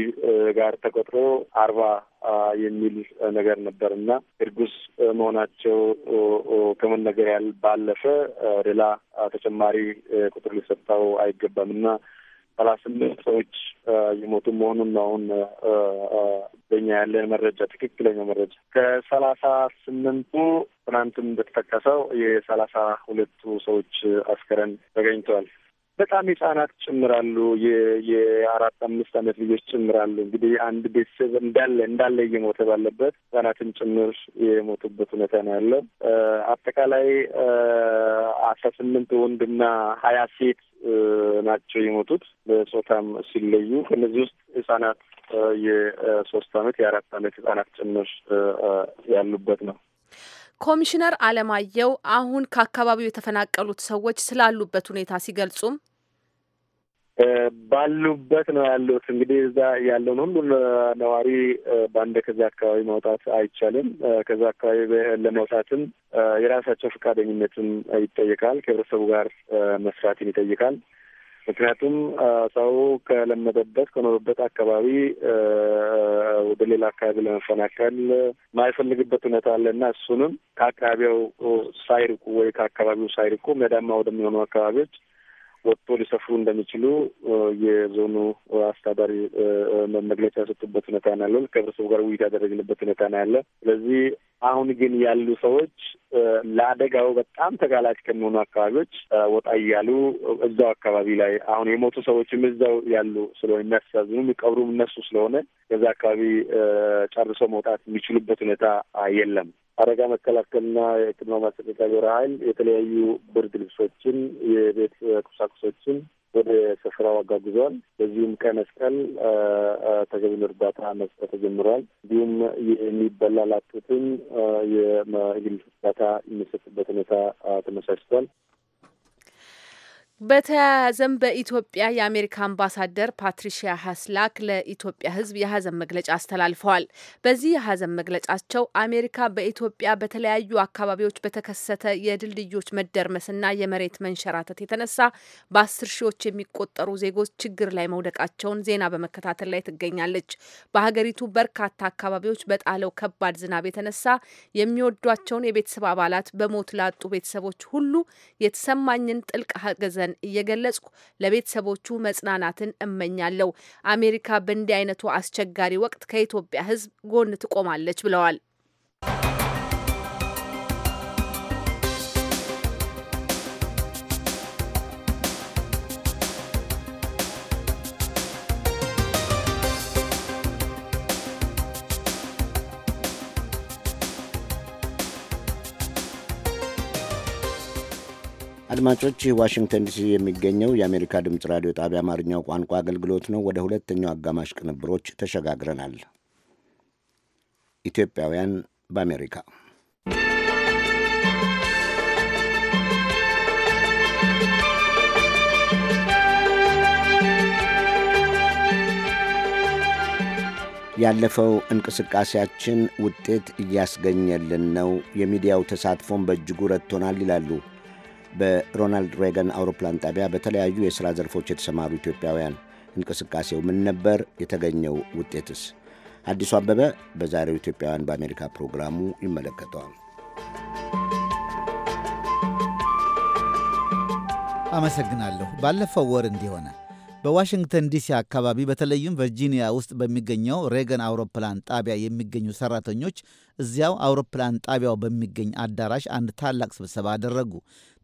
ጋር ተቆጥሮ አርባ የሚል ነገር ነበር እና እርጉዝ መሆናቸው ከመነገር ያል ባለፈ ሌላ ተጨማሪ ቁጥር ሊሰጠው አይገባም እና ሰላሳ ስምንት ሰዎች የሞቱ መሆኑን ነው አሁን በኛ ያለ መረጃ ትክክለኛ መረጃ። ከሰላሳ ስምንቱ ትናንትም እንደተጠቀሰው የሰላሳ ሁለቱ ሰዎች አስከረን ተገኝተዋል። በጣም ህጻናት ጭምራሉ። የአራት አምስት አመት ልጆች ጭምራሉ። እንግዲህ አንድ ቤተሰብ እንዳለ እንዳለ እየሞተ ባለበት ህጻናትን ጭምር የሞቱበት ሁኔታ ነው ያለው። አጠቃላይ አስራ ስምንት ወንድና ሀያ ሴት ናቸው የሞቱት በጾታም ሲለዩ። ከነዚህ ውስጥ ህጻናት የሶስት አመት የአራት አመት ህጻናት ጭምር ያሉበት ነው። ኮሚሽነር አለማየሁ አሁን ከአካባቢው የተፈናቀሉት ሰዎች ስላሉበት ሁኔታ ሲገልጹም ባሉበት ነው ያሉት። እንግዲህ እዛ ያለውን ሁሉ ነዋሪ በአንድ ከዚያ አካባቢ ማውጣት አይቻልም። ከዛ አካባቢ ለመውጣትም የራሳቸው ፈቃደኝነትም ይጠይቃል። ከህብረተሰቡ ጋር መስራትን ይጠይቃል። ምክንያቱም ሰው ከለመደበት ከኖረበት አካባቢ ወደ ሌላ አካባቢ ለመፈናቀል ማይፈልግበት ሁኔታ አለ እና እሱንም ከአካባቢው ሳይርቁ ወይ ከአካባቢው ሳይርቁ ሜዳማ ወደሚሆኑ አካባቢዎች ወጥቶ ሊሰፍሩ እንደሚችሉ የዞኑ አስተዳዳሪ መግለጫ የሰጡበት ሁኔታ ነው ያለው። ከህብረተሰቡ ጋር ውይይት ያደረግንበት ሁኔታ ነው ያለ። ስለዚህ አሁን ግን ያሉ ሰዎች ለአደጋው በጣም ተጋላጭ ከሚሆኑ አካባቢዎች ወጣ እያሉ እዛው አካባቢ ላይ አሁን የሞቱ ሰዎችም እዛው ያሉ ስለሆነ የሚያስተዛዝኑ የሚቀብሩም እነሱ ስለሆነ ከዛ አካባቢ ጨርሰው መውጣት የሚችሉበት ሁኔታ የለም። አደጋ መከላከልና የሕክምና ማስጠንቀቂያ ግብረ ኃይል የተለያዩ ብርድ ልብሶችን፣ የቤት ቁሳቁሶችን ወደ ስፍራው አጓጉዘዋል። በዚሁም ቀይ መስቀል ተገቢውን እርዳታ መስጠት ተጀምረዋል። እንዲሁም የሚበላ ላጡትም የእህል እርዳታ የሚሰጥበት ሁኔታ ተመቻችቷል። በተያያዘም በኢትዮጵያ የአሜሪካ አምባሳደር ፓትሪሺያ ሀስላክ ለኢትዮጵያ ሕዝብ የሀዘን መግለጫ አስተላልፈዋል። በዚህ የሀዘን መግለጫቸው አሜሪካ በኢትዮጵያ በተለያዩ አካባቢዎች በተከሰተ የድልድዮች መደርመስና የመሬት መንሸራተት የተነሳ በአስር ሺዎች የሚቆጠሩ ዜጎች ችግር ላይ መውደቃቸውን ዜና በመከታተል ላይ ትገኛለች። በሀገሪቱ በርካታ አካባቢዎች በጣለው ከባድ ዝናብ የተነሳ የሚወዷቸውን የቤተሰብ አባላት በሞት ላጡ ቤተሰቦች ሁሉ የተሰማኝን ጥልቅ ሀዘን እየገለጽኩ ለቤተሰቦቹ መጽናናትን እመኛለሁ። አሜሪካ በእንዲህ አይነቱ አስቸጋሪ ወቅት ከኢትዮጵያ ሕዝብ ጎን ትቆማለች ብለዋል። አድማጮች ይህ ዋሽንግተን ዲሲ የሚገኘው የአሜሪካ ድምፅ ራዲዮ ጣቢያ አማርኛው ቋንቋ አገልግሎት ነው። ወደ ሁለተኛው አጋማሽ ቅንብሮች ተሸጋግረናል። ኢትዮጵያውያን በአሜሪካ ያለፈው እንቅስቃሴያችን ውጤት እያስገኘልን ነው፣ የሚዲያው ተሳትፎን በእጅጉ ረድቶናል ይላሉ በሮናልድ ሬገን አውሮፕላን ጣቢያ በተለያዩ የሥራ ዘርፎች የተሰማሩ ኢትዮጵያውያን እንቅስቃሴው ምን ነበር? የተገኘው ውጤትስ? አዲሱ አበበ በዛሬው ኢትዮጵያውያን በአሜሪካ ፕሮግራሙ ይመለከተዋል። አመሰግናለሁ። ባለፈው ወር እንዲሆነ በዋሽንግተን ዲሲ አካባቢ በተለይም ቨርጂኒያ ውስጥ በሚገኘው ሬገን አውሮፕላን ጣቢያ የሚገኙ ሰራተኞች እዚያው አውሮፕላን ጣቢያው በሚገኝ አዳራሽ አንድ ታላቅ ስብሰባ አደረጉ።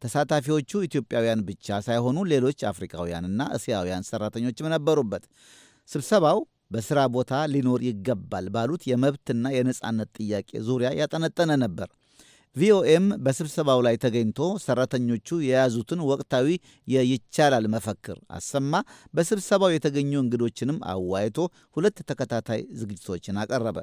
ተሳታፊዎቹ ኢትዮጵያውያን ብቻ ሳይሆኑ ሌሎች አፍሪካውያንና እስያውያን ሰራተኞችም ነበሩበት። ስብሰባው በሥራ ቦታ ሊኖር ይገባል ባሉት የመብትና የነጻነት ጥያቄ ዙሪያ ያጠነጠነ ነበር። ቪኦኤም በስብሰባው ላይ ተገኝቶ ሰራተኞቹ የያዙትን ወቅታዊ የይቻላል መፈክር አሰማ። በስብሰባው የተገኙ እንግዶችንም አዋይቶ ሁለት ተከታታይ ዝግጅቶችን አቀረበ።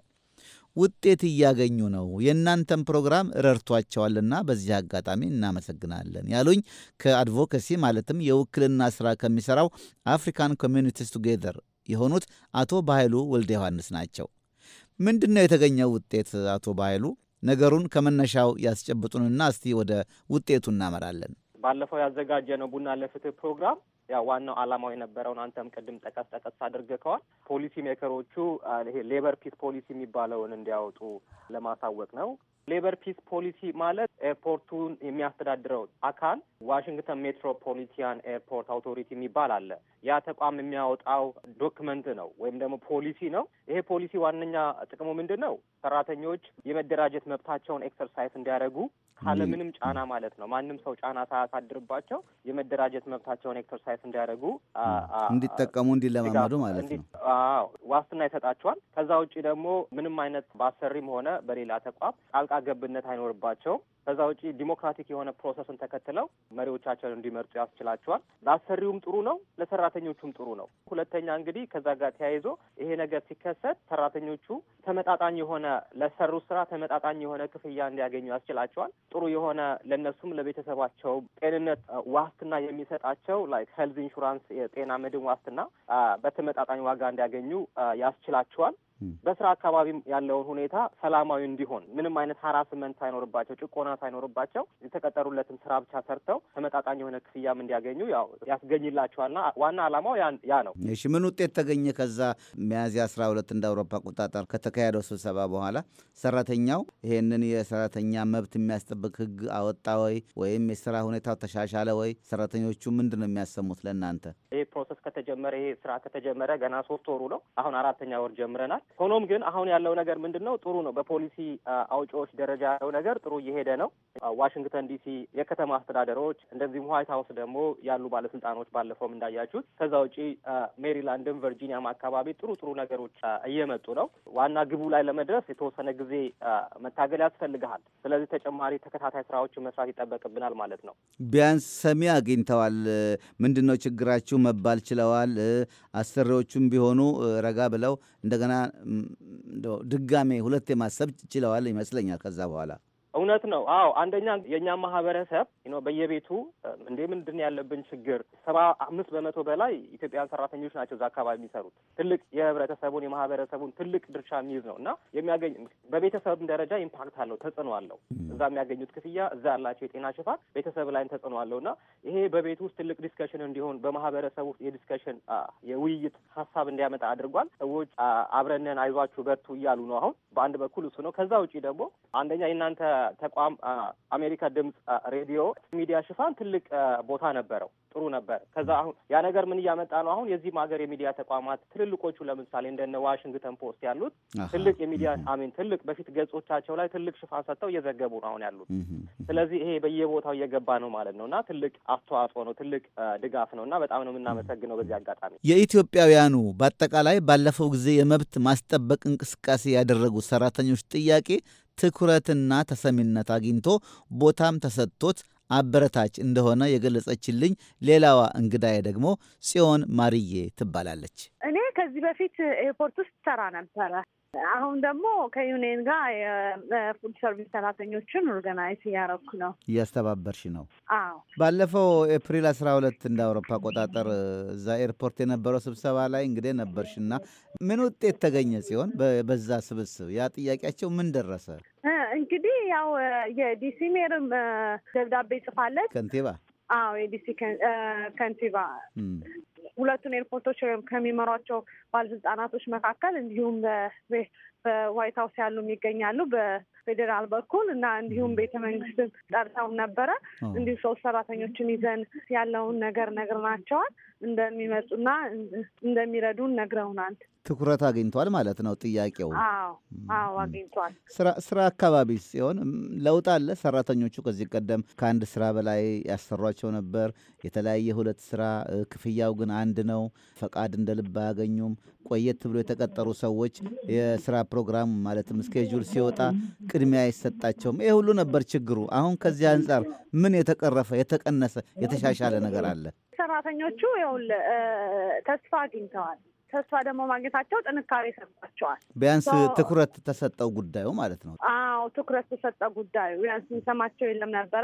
ውጤት እያገኙ ነው፣ የእናንተን ፕሮግራም ረድቷቸዋልና በዚህ አጋጣሚ እናመሰግናለን ያሉኝ ከአድቮኬሲ ማለትም የውክልና ሥራ ከሚሠራው አፍሪካን ኮሚኒቲስ ቱጌዘር የሆኑት አቶ ባይሉ ወልደ ዮሐንስ ናቸው። ምንድን ነው የተገኘው ውጤት አቶ ባይሉ? ነገሩን ከመነሻው ያስጨብጡንና እስቲ ወደ ውጤቱ እናመራለን። ባለፈው ያዘጋጀነው ቡና ለፍትህ ፕሮግራም ያ ዋናው ዓላማው የነበረውን አንተም ቅድም ጠቀስ ጠቀስ አድርገከዋል። ፖሊሲ ሜከሮቹ ይሄ ሌበር ፒስ ፖሊሲ የሚባለውን እንዲያወጡ ለማሳወቅ ነው። ሌበር ፒስ ፖሊሲ ማለት ኤርፖርቱን የሚያስተዳድረው አካል ዋሽንግተን ሜትሮፖሊቲያን ኤርፖርት አውቶሪቲ የሚባል አለ። ያ ተቋም የሚያወጣው ዶክመንት ነው ወይም ደግሞ ፖሊሲ ነው። ይሄ ፖሊሲ ዋነኛ ጥቅሙ ምንድን ነው? ሰራተኞች የመደራጀት መብታቸውን ኤክሰርሳይዝ እንዲያደርጉ ካለምንም ጫና ማለት ነው። ማንም ሰው ጫና ሳያሳድርባቸው የመደራጀት መብታቸውን ኤክሰርሳይዝ እንዲያደርጉ እንዲጠቀሙ፣ እንዲለማመዱ ማለት ነው። ዋስትና ይሰጣቸዋል። ከዛ ውጭ ደግሞ ምንም አይነት በአሰሪም ሆነ በሌላ ተቋም ጣልቃ ጣልቃ ገብነት አይኖርባቸውም። ከዛ ውጪ ዲሞክራቲክ የሆነ ፕሮሰስን ተከትለው መሪዎቻቸውን እንዲመርጡ ያስችላቸዋል። ለአሰሪውም ጥሩ ነው፣ ለሰራተኞቹም ጥሩ ነው። ሁለተኛ እንግዲህ ከዛ ጋር ተያይዞ ይሄ ነገር ሲከሰት ሰራተኞቹ ተመጣጣኝ የሆነ ለሰሩ ስራ ተመጣጣኝ የሆነ ክፍያ እንዲያገኙ ያስችላቸዋል። ጥሩ የሆነ ለእነሱም ለቤተሰባቸው ጤንነት ዋስትና የሚሰጣቸው ላይክ ሄልዝ ኢንሹራንስ የጤና ምድን ዋስትና በተመጣጣኝ ዋጋ እንዲያገኙ ያስችላቸዋል። በስራ አካባቢም ያለውን ሁኔታ ሰላማዊ እንዲሆን ምንም አይነት ሀራስመንት ሳይኖርባቸው ጭቆና ሳይኖርባቸው የተቀጠሩለትን ስራ ብቻ ሰርተው ተመጣጣኝ የሆነ ክፍያም እንዲያገኙ ያው ያስገኝላቸዋልና ዋና ዓላማው ያ ነው። እሺ ምን ውጤት ተገኘ? ከዛ ሚያዝያ አስራ ሁለት እንደ አውሮፓ አቆጣጠር ከተካሄደው ስብሰባ በኋላ ሰራተኛው ይሄንን የሰራተኛ መብት የሚያስጠብቅ ህግ አወጣ ወይ ወይም የስራ ሁኔታው ተሻሻለ ወይ? ሰራተኞቹ ምንድን ነው የሚያሰሙት? ለእናንተ ይህ ፕሮሰስ ከተጀመረ ይሄ ስራ ከተጀመረ ገና ሶስት ወሩ ነው። አሁን አራተኛ ወር ጀምረናል። ሆኖም ግን አሁን ያለው ነገር ምንድን ነው? ጥሩ ነው። በፖሊሲ አውጪዎች ደረጃ ያለው ነገር ጥሩ እየሄደ ነው። ነው። ዋሽንግተን ዲሲ የከተማ አስተዳደሮች እንደዚህም ዋይት ሀውስ ደግሞ ያሉ ባለስልጣኖች ባለፈውም እንዳያችሁት፣ ከዛ ውጪ ሜሪላንድም ቨርጂኒያም አካባቢ ጥሩ ጥሩ ነገሮች እየመጡ ነው። ዋና ግቡ ላይ ለመድረስ የተወሰነ ጊዜ መታገል ያስፈልግሃል። ስለዚህ ተጨማሪ ተከታታይ ስራዎችን መስራት ይጠበቅብናል ማለት ነው። ቢያንስ ሰሚ አግኝተዋል። ምንድን ነው ችግራችሁ መባል ችለዋል። አሰሪዎቹም ቢሆኑ ረጋ ብለው እንደገና ድጋሜ ሁለቴ ማሰብ ችለዋል ይመስለኛል ከዛ በኋላ እውነት ነው። አዎ አንደኛ የእኛ ማህበረሰብ ነው በየቤቱ እንዴ ምንድን ያለብን ችግር ሰባ አምስት በመቶ በላይ ኢትዮጵያውያን ሰራተኞች ናቸው እዛ አካባቢ የሚሰሩት ትልቅ የህብረተሰቡን የማህበረሰቡን ትልቅ ድርሻ የሚይዝ ነው እና የሚያገኝ በቤተሰብም ደረጃ ኢምፓክት አለው፣ ተጽዕኖ አለው። እዛ የሚያገኙት ክፍያ፣ እዛ ያላቸው የጤና ሽፋን ቤተሰብ ላይም ተጽዕኖ አለው እና ይሄ በቤቱ ውስጥ ትልቅ ዲስከሽን እንዲሆን በማህበረሰቡ ውስጥ የዲስከሽን የውይይት ሀሳብ እንዲያመጣ አድርጓል። ሰዎች አብረንን አይዟችሁ በርቱ እያሉ ነው አሁን በአንድ በኩል እሱ ነው። ከዛ ውጪ ደግሞ አንደኛ የእናንተ ተቋም አሜሪካ ድምፅ ሬዲዮ ሚዲያ ሽፋን ትልቅ ቦታ ነበረው። ጥሩ ነበር። ከዛ አሁን ያ ነገር ምን እያመጣ ነው? አሁን የዚህም ሀገር የሚዲያ ተቋማት ትልልቆቹ ለምሳሌ እንደነ ዋሽንግተን ፖስት ያሉት ትልቅ የሚዲያ አሚን ትልቅ በፊት ገጾቻቸው ላይ ትልቅ ሽፋን ሰጥተው እየዘገቡ ነው አሁን ያሉት። ስለዚህ ይሄ በየቦታው እየገባ ነው ማለት ነው እና ትልቅ አስተዋጽኦ ነው፣ ትልቅ ድጋፍ ነው እና በጣም ነው የምናመሰግነው በዚህ አጋጣሚ የኢትዮጵያውያኑ በአጠቃላይ ባለፈው ጊዜ የመብት ማስጠበቅ እንቅስቃሴ ያደረጉት ሰራተኞች ጥያቄ ትኩረትና ተሰሚነት አግኝቶ ቦታም ተሰጥቶት አበረታች እንደሆነ የገለጸችልኝ ሌላዋ እንግዳዬ ደግሞ ጽዮን ማርዬ ትባላለች። እኔ ከዚህ በፊት ኤርፖርት ውስጥ ሰራ ነበረ። አሁን ደግሞ ከዩኒየን ጋር የፉድ ሰርቪስ ሰራተኞችን ኦርጋናይዝ እያረኩ ነው። እያስተባበርሽ ነው? አዎ። ባለፈው ኤፕሪል አስራ ሁለት እንደ አውሮፓ አቆጣጠር እዛ ኤርፖርት የነበረው ስብሰባ ላይ እንግዲህ ነበርሽ እና ምን ውጤት ተገኘ ሲሆን በዛ ስብስብ ያ ጥያቄያቸው ምን ደረሰ? እንግዲህ ያው የዲሲ ሜርም ደብዳቤ ጽፋለች ከንቲባ አዎ የዲሲ ከንቲባ ሁለቱን ኤርፖርቶች ከሚመሯቸው ባለስልጣናቶች መካከል እንዲሁም በዋይት ሀውስ ያሉም ይገኛሉ በፌዴራል በኩል እና እንዲሁም ቤተ መንግስትን ጠርተው ነበረ። እንዲሁ ሶስት ሰራተኞችን ይዘን ያለውን ነገር ነግረናቸዋል። እንደሚመጡና እንደሚረዱን ነግረውናል። ትኩረት አግኝቷል ማለት ነው ጥያቄው። አዎ አግኝቷል። ስራ አካባቢ ሲሆን ለውጥ አለ። ሰራተኞቹ ከዚህ ቀደም ከአንድ ስራ በላይ ያሰሯቸው ነበር። የተለያየ ሁለት ስራ፣ ክፍያው ግን አንድ ነው። ፈቃድ እንደ ልብ አያገኙም። ቆየት ብሎ የተቀጠሩ ሰዎች የስራ ፕሮግራም ማለትም ስኬጁል ሲወጣ ቅድሚያ አይሰጣቸውም። ይህ ሁሉ ነበር ችግሩ። አሁን ከዚህ አንጻር ምን የተቀረፈ፣ የተቀነሰ፣ የተሻሻለ ነገር አለ? ሰራተኞቹ ይኸውልህ ተስፋ አግኝተዋል። ከእሷ ደግሞ ማግኘታቸው ጥንካሬ ሰጥቷቸዋል። ቢያንስ ትኩረት ተሰጠው ጉዳዩ ማለት ነው። አዎ ትኩረት ተሰጠው ጉዳዩ። ቢያንስ እንሰማቸው የለም ነበረ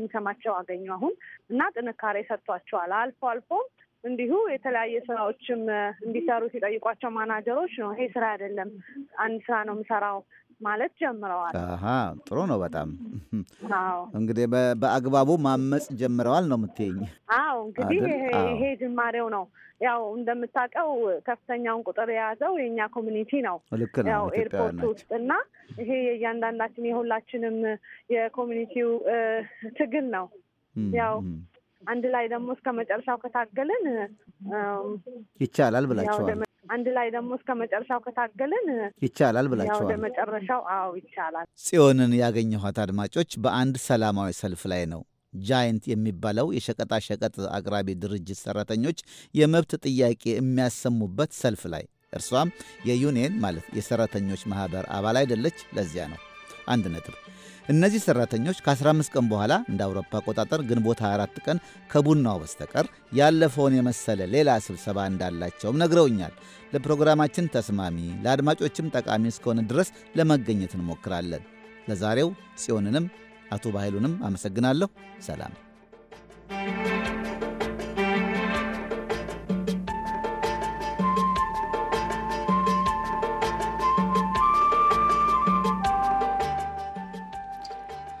እንሰማቸው አገኙ አሁን እና ጥንካሬ ሰጥቷቸዋል። አልፎ አልፎ እንዲሁ የተለያየ ስራዎችም እንዲሰሩ ሲጠይቋቸው ማናጀሮች ነው ይሄ ስራ አይደለም አንድ ስራ ነው የምሰራው ማለት ጀምረዋል። ጥሩ ነው በጣም እንግዲህ በአግባቡ ማመፅ ጀምረዋል ነው የምትይኝ? አዎ እንግዲህ ይሄ ጅማሬው ነው። ያው እንደምታውቀው ከፍተኛውን ቁጥር የያዘው የእኛ ኮሚኒቲ ነው። ልክ ነው። ያው ኤርፖርት ውስጥ እና ይሄ የእያንዳንዳችን የሁላችንም የኮሚኒቲው ትግል ነው። ያው አንድ ላይ ደግሞ እስከ መጨረሻው ከታገልን ይቻላል ብላችኋል። አንድ ላይ ደግሞ እስከ መጨረሻው ከታገልን ይቻላል ብላችኋል። ወደ መጨረሻው አዎ ይቻላል። ጽዮንን ያገኘኋት አድማጮች በአንድ ሰላማዊ ሰልፍ ላይ ነው። ጃይንት የሚባለው የሸቀጣሸቀጥ አቅራቢ ድርጅት ሰራተኞች የመብት ጥያቄ የሚያሰሙበት ሰልፍ ላይ እርሷም የዩኒየን ማለት የሰራተኞች ማህበር አባል አይደለች። ለዚያ ነው አንድ ነጥብ እነዚህ ሰራተኞች ከ15 ቀን በኋላ እንደ አውሮፓ አቆጣጠር ግንቦት 24 ቀን ከቡናው በስተቀር ያለፈውን የመሰለ ሌላ ስብሰባ እንዳላቸውም ነግረውኛል። ለፕሮግራማችን ተስማሚ ለአድማጮችም ጠቃሚ እስከሆነ ድረስ ለመገኘት እንሞክራለን። ለዛሬው ጽዮንንም አቶ ባህሉንም አመሰግናለሁ። ሰላም።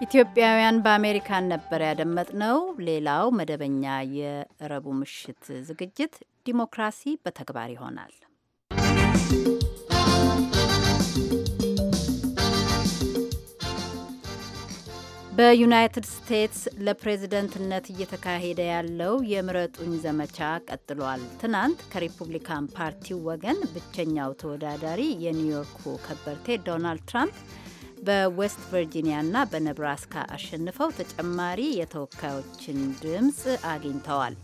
ኢትዮጵያውያን በአሜሪካን ነበር ያደመጥነው። ሌላው መደበኛ የረቡ ምሽት ዝግጅት ዲሞክራሲ በተግባር ይሆናል። በዩናይትድ ስቴትስ ለፕሬዝደንትነት እየተካሄደ ያለው የምረጡኝ ዘመቻ ቀጥሏል። ትናንት ከሪፑብሊካን ፓርቲው ወገን ብቸኛው ተወዳዳሪ የኒውዮርኩ ከበርቴ ዶናልድ ትራምፕ በዌስት ቨርጂኒያና በነብራስካ አሸንፈው ተጨማሪ የተወካዮችን ድምፅ አግኝተዋል።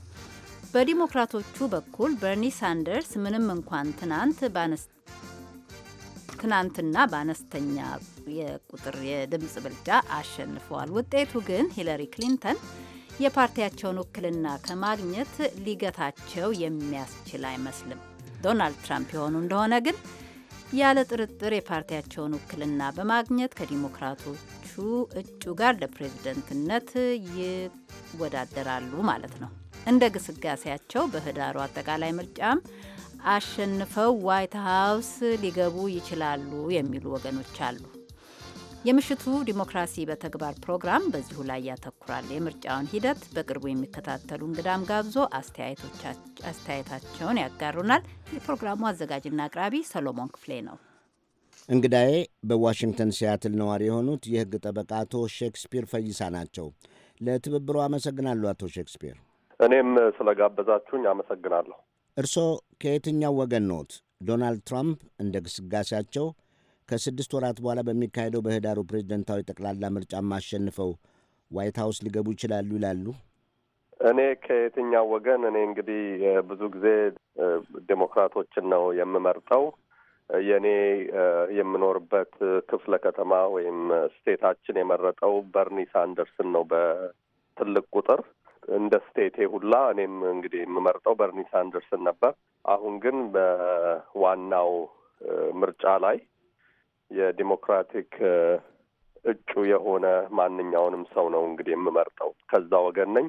በዲሞክራቶቹ በኩል በርኒ ሳንደርስ ምንም እንኳን ትናንት ትናንትና በአነስተኛ የቁጥር የድምፅ ብልጫ አሸንፈዋል። ውጤቱ ግን ሂለሪ ክሊንተን የፓርቲያቸውን ውክልና ከማግኘት ሊገታቸው የሚያስችል አይመስልም። ዶናልድ ትራምፕ የሆኑ እንደሆነ ግን ያለ ጥርጥር የፓርቲያቸውን ውክልና በማግኘት ከዲሞክራቶቹ እጩ ጋር ለፕሬዝደንትነት ይወዳደራሉ ማለት ነው። እንደ ግስጋሴያቸው በህዳሩ አጠቃላይ ምርጫም አሸንፈው ዋይት ሀውስ ሊገቡ ይችላሉ የሚሉ ወገኖች አሉ። የምሽቱ ዲሞክራሲ በተግባር ፕሮግራም በዚሁ ላይ ያተኩራል። የምርጫውን ሂደት በቅርቡ የሚከታተሉ እንግዳም ጋብዞ አስተያየታቸውን ያጋሩናል። የፕሮግራሙ አዘጋጅና አቅራቢ ሰሎሞን ክፍሌ ነው። እንግዳዬ በዋሽንግተን ሲያትል ነዋሪ የሆኑት የሕግ ጠበቃ አቶ ሼክስፒር ፈይሳ ናቸው። ለትብብሮ አመሰግናለሁ አቶ ሼክስፒር። እኔም ስለጋበዛችሁኝ አመሰግናለሁ። እርስዎ ከየትኛው ወገን ኖት? ዶናልድ ትራምፕ እንደ ግስጋሴያቸው ከስድስት ወራት በኋላ በሚካሄደው በህዳሩ ፕሬዝደንታዊ ጠቅላላ ምርጫም አሸንፈው ዋይት ሀውስ ሊገቡ ይችላሉ ይላሉ? እኔ ከየትኛው ወገን እኔ እንግዲህ ብዙ ጊዜ ዴሞክራቶችን ነው የምመርጠው። የእኔ የምኖርበት ክፍለ ከተማ ወይም ስቴታችን የመረጠው በርኒ ሳንደርስን ነው በትልቅ ቁጥር። እንደ ስቴቴ ሁላ እኔም እንግዲህ የምመርጠው በርኒ ሳንደርስን ነበር። አሁን ግን በዋናው ምርጫ ላይ የዲሞክራቲክ እጩ የሆነ ማንኛውንም ሰው ነው እንግዲህ የምመርጠው። ከዛ ወገን ነኝ።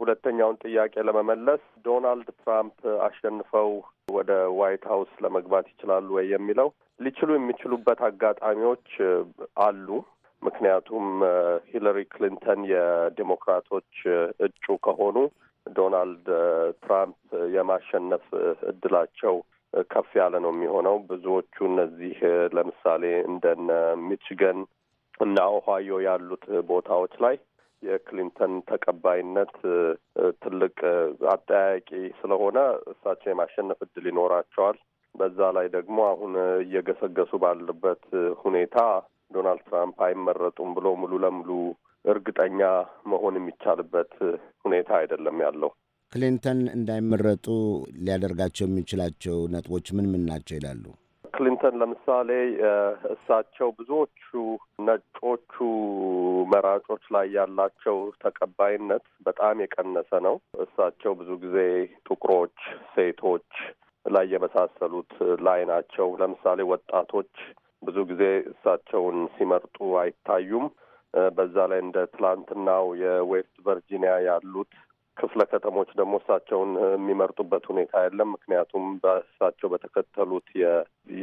ሁለተኛውን ጥያቄ ለመመለስ ዶናልድ ትራምፕ አሸንፈው ወደ ዋይት ሀውስ ለመግባት ይችላሉ ወይ የሚለው ሊችሉ የሚችሉበት አጋጣሚዎች አሉ። ምክንያቱም ሂለሪ ክሊንተን የዲሞክራቶች እጩ ከሆኑ ዶናልድ ትራምፕ የማሸነፍ እድላቸው ከፍ ያለ ነው የሚሆነው። ብዙዎቹ እነዚህ ለምሳሌ እንደነ ሚችገን እና ኦሃዮ ያሉት ቦታዎች ላይ የክሊንተን ተቀባይነት ትልቅ አጠያቂ ስለሆነ እሳቸው የማሸነፍ እድል ይኖራቸዋል። በዛ ላይ ደግሞ አሁን እየገሰገሱ ባለበት ሁኔታ ዶናልድ ትራምፕ አይመረጡም ብሎ ሙሉ ለሙሉ እርግጠኛ መሆን የሚቻልበት ሁኔታ አይደለም ያለው። ክሊንተን እንዳይመረጡ ሊያደርጋቸው የሚችላቸው ነጥቦች ምን ምን ናቸው ይላሉ? ክሊንተን ለምሳሌ እሳቸው ብዙዎቹ ነጮቹ መራጮች ላይ ያላቸው ተቀባይነት በጣም የቀነሰ ነው። እሳቸው ብዙ ጊዜ ጥቁሮች፣ ሴቶች ላይ የመሳሰሉት ላይ ናቸው። ለምሳሌ ወጣቶች ብዙ ጊዜ እሳቸውን ሲመርጡ አይታዩም። በዛ ላይ እንደ ትላንትናው የዌስት ቨርጂኒያ ያሉት ክፍለ ከተሞች ደግሞ እሳቸውን የሚመርጡበት ሁኔታ የለም። ምክንያቱም በእሳቸው በተከተሉት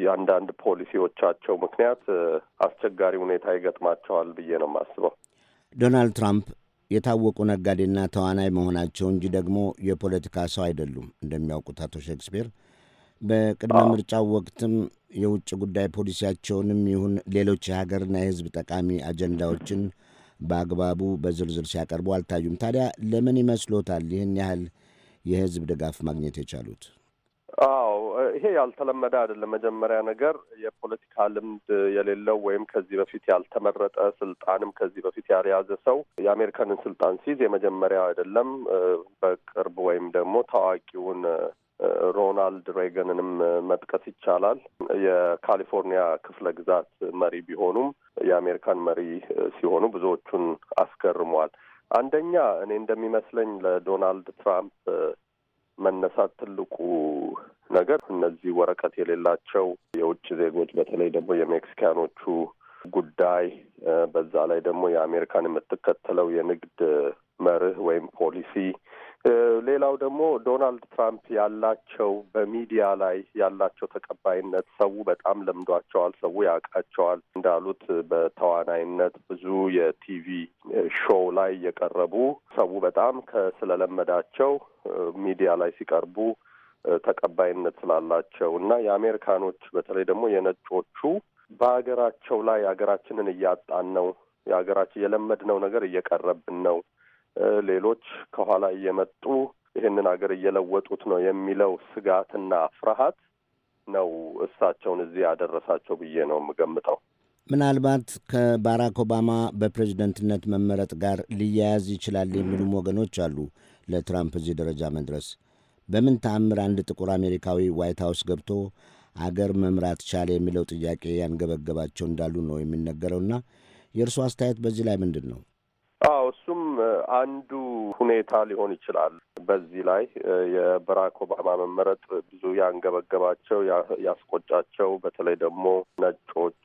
የአንዳንድ ፖሊሲዎቻቸው ምክንያት አስቸጋሪ ሁኔታ ይገጥማቸዋል ብዬ ነው የማስበው። ዶናልድ ትራምፕ የታወቁ ነጋዴና ተዋናይ መሆናቸው እንጂ ደግሞ የፖለቲካ ሰው አይደሉም። እንደሚያውቁት አቶ ሼክስፒር በቅድመ ምርጫው ወቅትም የውጭ ጉዳይ ፖሊሲያቸውንም ይሁን ሌሎች የሀገርና የሕዝብ ጠቃሚ አጀንዳዎችን በአግባቡ በዝርዝር ሲያቀርቡ አልታዩም። ታዲያ ለምን ይመስሎታል ይህን ያህል የህዝብ ድጋፍ ማግኘት የቻሉት? አዎ ይሄ ያልተለመደ አይደለም። መጀመሪያ ነገር የፖለቲካ ልምድ የሌለው ወይም ከዚህ በፊት ያልተመረጠ ስልጣንም ከዚህ በፊት ያልያዘ ሰው የአሜሪካንን ስልጣን ሲይዝ የመጀመሪያው አይደለም። በቅርብ ወይም ደግሞ ታዋቂውን ሮናልድ ሬገንንም መጥቀስ ይቻላል። የካሊፎርኒያ ክፍለ ግዛት መሪ ቢሆኑም የአሜሪካን መሪ ሲሆኑ ብዙዎቹን አስገርሟል። አንደኛ እኔ እንደሚመስለኝ ለዶናልድ ትራምፕ መነሳት ትልቁ ነገር እነዚህ ወረቀት የሌላቸው የውጭ ዜጎች በተለይ ደግሞ የሜክሲካኖቹ ጉዳይ በዛ ላይ ደግሞ የአሜሪካን የምትከተለው የንግድ መርህ ወይም ፖሊሲ ሌላው ደግሞ ዶናልድ ትራምፕ ያላቸው በሚዲያ ላይ ያላቸው ተቀባይነት ሰው በጣም ለምዷቸዋል። ሰው ያውቃቸዋል። እንዳሉት በተዋናይነት ብዙ የቲቪ ሾው ላይ የቀረቡ ሰው በጣም ከስለለመዳቸው ሚዲያ ላይ ሲቀርቡ ተቀባይነት ስላላቸው እና የአሜሪካኖች በተለይ ደግሞ የነጮቹ በሀገራቸው ላይ ሀገራችንን እያጣን ነው፣ የሀገራችን የለመድነው ነገር እየቀረብን ነው ሌሎች ከኋላ እየመጡ ይህንን ሀገር እየለወጡት ነው የሚለው ስጋትና ፍርሃት ነው እሳቸውን እዚህ ያደረሳቸው ብዬ ነው የምገምጠው። ምናልባት ከባራክ ኦባማ በፕሬዚደንትነት መመረጥ ጋር ሊያያዝ ይችላል የሚሉም ወገኖች አሉ። ለትራምፕ እዚህ ደረጃ መድረስ በምን ተአምር አንድ ጥቁር አሜሪካዊ ዋይት ሀውስ ገብቶ አገር መምራት ቻለ የሚለው ጥያቄ ያንገበገባቸው እንዳሉ ነው የሚነገረውና የእርሱ አስተያየት በዚህ ላይ ምንድን ነው? አዎ እሱም አንዱ ሁኔታ ሊሆን ይችላል። በዚህ ላይ የበራክ ኦባማ መመረጥ ብዙ ያንገበገባቸው ያስቆጫቸው፣ በተለይ ደግሞ ነጮች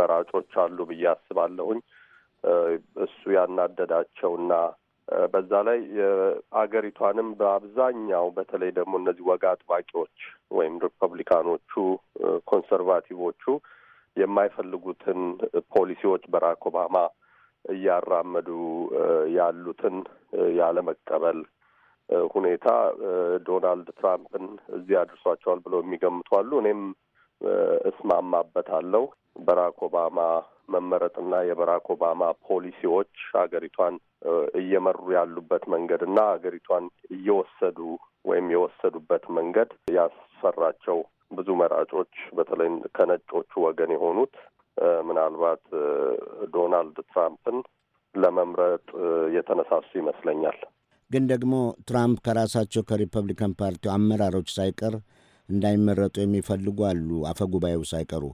መራጮች አሉ ብዬ አስባለሁኝ። እሱ ያናደዳቸውና በዛ ላይ አገሪቷንም በአብዛኛው በተለይ ደግሞ እነዚህ ወግ አጥባቂዎች ወይም ሪፐብሊካኖቹ፣ ኮንሰርቫቲቮቹ የማይፈልጉትን ፖሊሲዎች በራክ ኦባማ እያራመዱ ያሉትን ያለመቀበል ሁኔታ ዶናልድ ትራምፕን እዚህ አድርሷቸዋል ብለው የሚገምቱ አሉ። እኔም እስማማበታለሁ። በራክ ኦባማ መመረጥና የበራክ ኦባማ ፖሊሲዎች ሀገሪቷን እየመሩ ያሉበት መንገድ እና ሀገሪቷን እየወሰዱ ወይም የወሰዱበት መንገድ ያስፈራቸው ብዙ መራጮች በተለይ ከነጮቹ ወገን የሆኑት ምናልባት ዶናልድ ትራምፕን ለመምረጥ የተነሳሱ ይመስለኛል። ግን ደግሞ ትራምፕ ከራሳቸው ከሪፐብሊካን ፓርቲው አመራሮች ሳይቀር እንዳይመረጡ የሚፈልጉ አሉ፣ አፈ ጉባኤው ሳይቀሩ።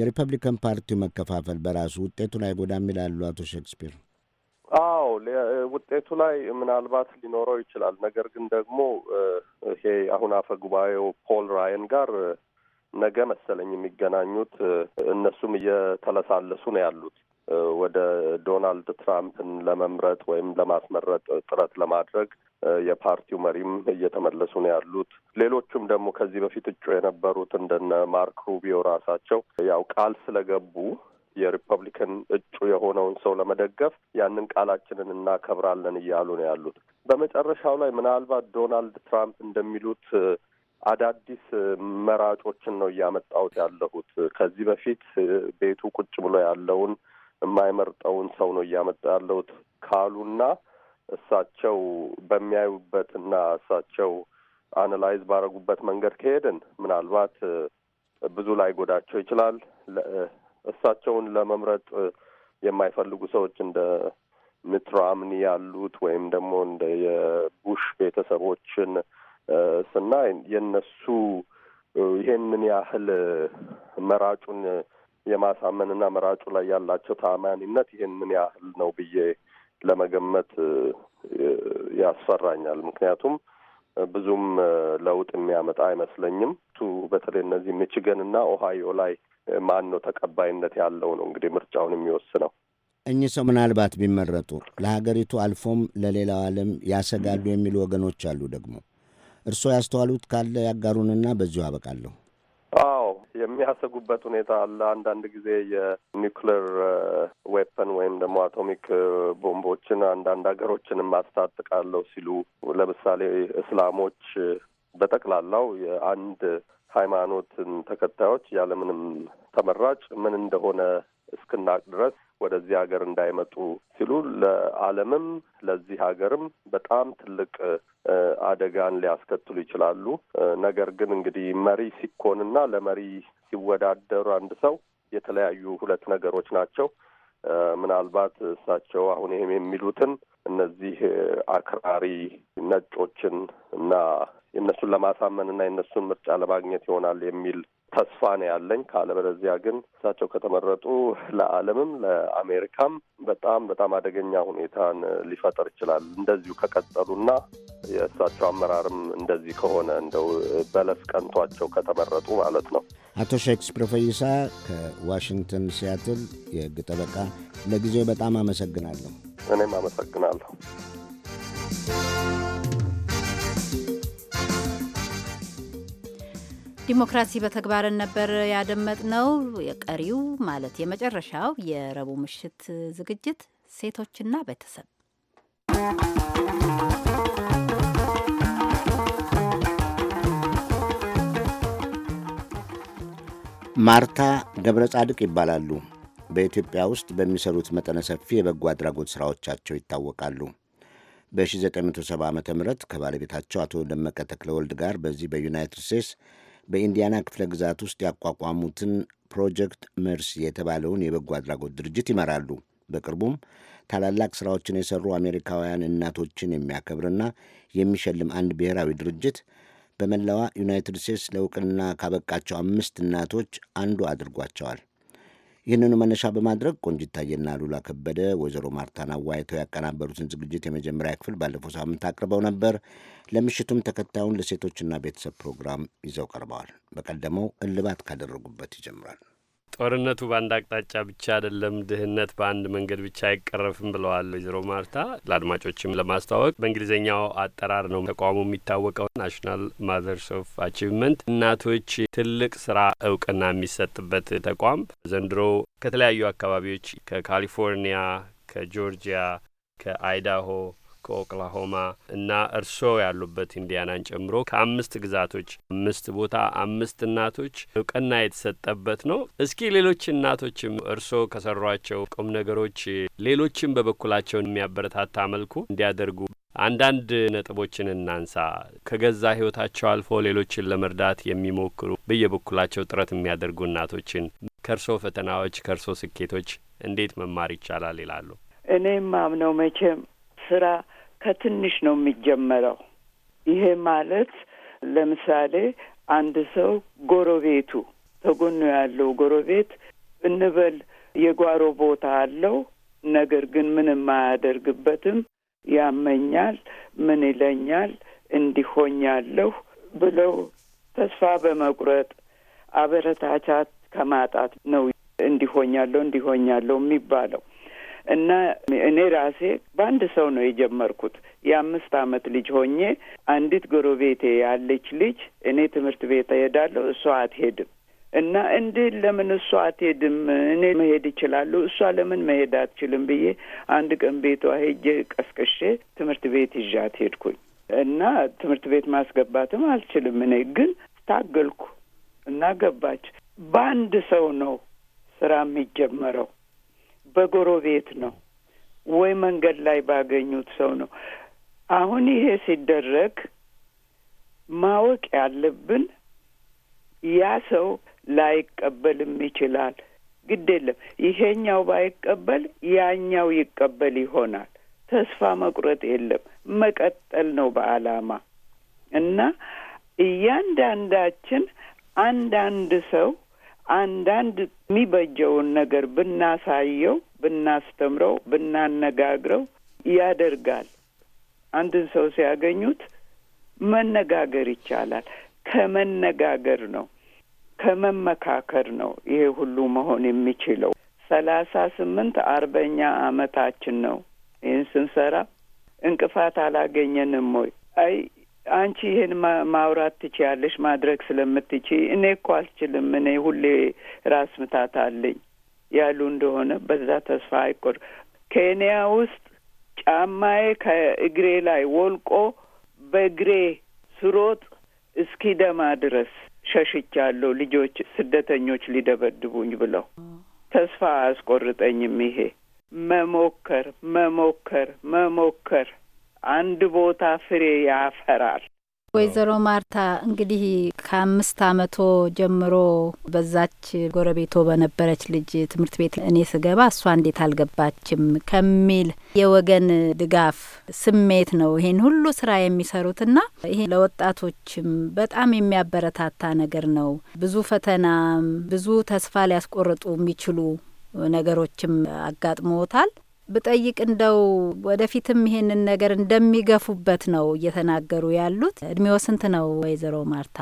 የሪፐብሊካን ፓርቲው መከፋፈል በራሱ ውጤቱን አይጎዳም ይላሉ አቶ ሼክስፒር። አዎ ውጤቱ ላይ ምናልባት ሊኖረው ይችላል። ነገር ግን ደግሞ ይሄ አሁን አፈ ጉባኤው ፖል ራየን ጋር ነገ መሰለኝ የሚገናኙት። እነሱም እየተለሳለሱ ነው ያሉት ወደ ዶናልድ ትራምፕን ለመምረጥ ወይም ለማስመረጥ ጥረት ለማድረግ የፓርቲው መሪም እየተመለሱ ነው ያሉት። ሌሎቹም ደግሞ ከዚህ በፊት እጩ የነበሩት እንደነ ማርክ ሩቢዮ ራሳቸው ያው ቃል ስለገቡ የሪፐብሊካን እጩ የሆነውን ሰው ለመደገፍ ያንን ቃላችንን እናከብራለን እያሉ ነው ያሉት። በመጨረሻው ላይ ምናልባት ዶናልድ ትራምፕ እንደሚሉት አዳዲስ መራጮችን ነው እያመጣሁት ያለሁት። ከዚህ በፊት ቤቱ ቁጭ ብሎ ያለውን የማይመርጠውን ሰው ነው እያመጣ ያለሁት ካሉና እሳቸው በሚያዩበትና እሳቸው አናላይዝ ባረጉበት መንገድ ከሄድን ምናልባት ብዙ ላይ ጎዳቸው ይችላል። እሳቸውን ለመምረጥ የማይፈልጉ ሰዎች እንደ ሚት ሮምኒ ያሉት ወይም ደግሞ እንደ የቡሽ ቤተሰቦችን ስናይ የነሱ ይሄንን ያህል መራጩን የማሳመንና መራጩ ላይ ያላቸው ታማኒነት ይሄንን ያህል ነው ብዬ ለመገመት ያስፈራኛል። ምክንያቱም ብዙም ለውጥ የሚያመጣ አይመስለኝም። ቱ በተለይ እነዚህ ሚችገን እና ኦሃዮ ላይ ማን ነው ተቀባይነት ያለው ነው እንግዲህ ምርጫውን የሚወስነው። እኚህ ሰው ምናልባት ቢመረጡ ለሀገሪቱ አልፎም ለሌላው ዓለም ያሰጋሉ የሚሉ ወገኖች አሉ ደግሞ እርስዎ ያስተዋሉት ካለ ያጋሩንና በዚሁ አበቃለሁ። አዎ የሚያሰጉበት ሁኔታ አለ። አንዳንድ ጊዜ የኒውክሌር ዌፐን ወይም ደግሞ አቶሚክ ቦምቦችን አንዳንድ ሀገሮችንም አስታጥቃለሁ ሲሉ ለምሳሌ እስላሞች በጠቅላላው የአንድ ሃይማኖትን ተከታዮች ያለምንም ተመራጭ ምን እንደሆነ እስክናቅ ድረስ ወደዚህ ሀገር እንዳይመጡ ሲሉ ለዓለምም ለዚህ ሀገርም በጣም ትልቅ አደጋን ሊያስከትሉ ይችላሉ። ነገር ግን እንግዲህ መሪ ሲኮንና ለመሪ ሲወዳደሩ አንድ ሰው የተለያዩ ሁለት ነገሮች ናቸው። ምናልባት እሳቸው አሁን ይህም የሚሉትን እነዚህ አክራሪ ነጮችን እና የእነሱን ለማሳመን እና የእነሱን ምርጫ ለማግኘት ይሆናል የሚል ተስፋ ነው ያለኝ። ካለበለዚያ ግን እሳቸው ከተመረጡ ለዓለምም ለአሜሪካም በጣም በጣም አደገኛ ሁኔታን ሊፈጠር ይችላል እንደዚሁ ከቀጠሉና የእሳቸው አመራርም እንደዚህ ከሆነ እንደው በለስ ቀንቷቸው ከተመረጡ ማለት ነው። አቶ ሼክስፒር ፈይሳ ከዋሽንግተን ሲያትል የህግ ጠበቃ፣ ለጊዜው በጣም አመሰግናለሁ። እኔም አመሰግናለሁ። ዲሞክራሲ በተግባርን ነበር ያደመጥነው። የቀሪው ማለት የመጨረሻው የረቡዕ ምሽት ዝግጅት ሴቶችና ቤተሰብ ማርታ ገብረ ጻድቅ ይባላሉ። በኢትዮጵያ ውስጥ በሚሰሩት መጠነ ሰፊ የበጎ አድራጎት ሥራዎቻቸው ይታወቃሉ። በ1970 ዓ ም ከባለቤታቸው አቶ ደመቀ ተክለወልድ ጋር በዚህ በዩናይትድ ስቴትስ በኢንዲያና ክፍለ ግዛት ውስጥ ያቋቋሙትን ፕሮጀክት መርሲ የተባለውን የበጎ አድራጎት ድርጅት ይመራሉ። በቅርቡም ታላላቅ ስራዎችን የሰሩ አሜሪካውያን እናቶችን የሚያከብርና የሚሸልም አንድ ብሔራዊ ድርጅት በመላዋ ዩናይትድ ስቴትስ ለእውቅና ካበቃቸው አምስት እናቶች አንዱ አድርጓቸዋል። ይህንኑ መነሻ በማድረግ ቆንጅታዬና ሉላ ከበደ ወይዘሮ ማርታን አዋይተው ያቀናበሩትን ዝግጅት የመጀመሪያ ክፍል ባለፈው ሳምንት አቅርበው ነበር። ለምሽቱም ተከታዩን ለሴቶችና ቤተሰብ ፕሮግራም ይዘው ቀርበዋል። በቀደመው እልባት ካደረጉበት ይጀምራል። ጦርነቱ በአንድ አቅጣጫ ብቻ አይደለም፣ ድህነት በአንድ መንገድ ብቻ አይቀረፍም ብለዋል ወይዘሮ ማርታ። ለአድማጮችም ለማስተዋወቅ በእንግሊዝኛው አጠራር ነው ተቋሙ የሚታወቀው ናሽናል ማዘርስ ኦፍ አቺቭመንት፣ እናቶች ትልቅ ስራ እውቅና የሚሰጥበት ተቋም ዘንድሮ ከተለያዩ አካባቢዎች ከካሊፎርኒያ፣ ከጆርጂያ፣ ከአይዳሆ ኦክላሆማ እና እርስዎ ያሉበት ኢንዲያናን ጨምሮ ከአምስት ግዛቶች አምስት ቦታ አምስት እናቶች እውቅና የተሰጠበት ነው። እስኪ ሌሎች እናቶችም እርስዎ ከሰሯቸው ቁም ነገሮች ሌሎችም በበኩላቸውን የሚያበረታታ መልኩ እንዲያደርጉ አንዳንድ ነጥቦችን እናንሳ። ከገዛ ህይወታቸው አልፎ ሌሎችን ለመርዳት የሚሞክሩ በየበኩላቸው ጥረት የሚያደርጉ እናቶችን ከእርሶ ፈተናዎች ከእርሶ ስኬቶች እንዴት መማር ይቻላል ይላሉ? እኔም አምነው መቼም ስራ ከትንሽ ነው የሚጀመረው። ይሄ ማለት ለምሳሌ አንድ ሰው ጎረቤቱ ተጎኖ ያለው ጎረቤት እንበል የጓሮ ቦታ አለው፣ ነገር ግን ምንም አያደርግበትም። ያመኛል፣ ምን ይለኛል፣ እንዲሆኛለሁ ብለው ተስፋ በመቁረጥ አበረታቻት ከማጣት ነው እንዲሆኛለሁ እንዲሆኛለሁ የሚባለው። እና እኔ ራሴ በአንድ ሰው ነው የጀመርኩት። የአምስት አመት ልጅ ሆኜ አንዲት ጎረቤቴ ያለች ልጅ እኔ ትምህርት ቤት እሄዳለሁ፣ እሷ አትሄድም እና እንዲህ ለምን እሷ አትሄድም? እኔ መሄድ እችላለሁ፣ እሷ ለምን መሄድ አትችልም ብዬ አንድ ቀን ቤቷ ሄጄ ቀስቅሼ ትምህርት ቤት ይዣት ሄድኩኝ እና ትምህርት ቤት ማስገባትም አልችልም እኔ ግን ታገልኩ እና ገባች። በአንድ ሰው ነው ስራ የሚጀመረው። በጎረቤት ነው ወይ መንገድ ላይ ባገኙት ሰው ነው። አሁን ይሄ ሲደረግ ማወቅ ያለብን ያ ሰው ላይቀበልም ይችላል። ግድ የለም ይሄኛው ባይቀበል ያኛው ይቀበል ይሆናል። ተስፋ መቁረጥ የለም መቀጠል ነው በዓላማ እና እያንዳንዳችን አንዳንድ ሰው አንዳንድ የሚበጀውን ነገር ብናሳየው፣ ብናስተምረው፣ ብናነጋግረው ያደርጋል። አንድን ሰው ሲያገኙት መነጋገር ይቻላል። ከመነጋገር ነው ከመመካከር ነው ይሄ ሁሉ መሆን የሚችለው። ሰላሳ ስምንት አርበኛ አመታችን ነው። ይህን ስንሰራ እንቅፋት አላገኘንም ወይ? አይ አንቺ ይህን ማውራት ትችያለሽ ማድረግ ስለምትች እኔ እኮ አልችልም፣ እኔ ሁሌ ራስ ምታት አለኝ ያሉ እንደሆነ በዛ ተስፋ አይቆር ኬንያ ውስጥ ጫማዬ ከእግሬ ላይ ወልቆ በእግሬ ስሮጥ እስኪ ደማ ድረስ ሸሽቻለሁ፣ ልጆች ስደተኞች ሊደበድቡኝ ብለው። ተስፋ አያስቆርጠኝም። ይሄ መሞከር መሞከር መሞከር አንድ ቦታ ፍሬ ያፈራል። ወይዘሮ ማርታ እንግዲህ ከአምስት አመቶ ጀምሮ በዛች ጎረቤቶ በነበረች ልጅ ትምህርት ቤት እኔ ስገባ እሷ እንዴት አልገባችም ከሚል የወገን ድጋፍ ስሜት ነው ይሄን ሁሉ ስራ የሚሰሩትና ይሄ ለወጣቶችም በጣም የሚያበረታታ ነገር ነው። ብዙ ፈተናም ብዙ ተስፋ ሊያስቆርጡ የሚችሉ ነገሮችም አጋጥሞታል። ብጠይቅ እንደው ወደፊትም ይሄንን ነገር እንደሚገፉበት ነው እየተናገሩ ያሉት። እድሜዎ ስንት ነው ወይዘሮ ማርታ?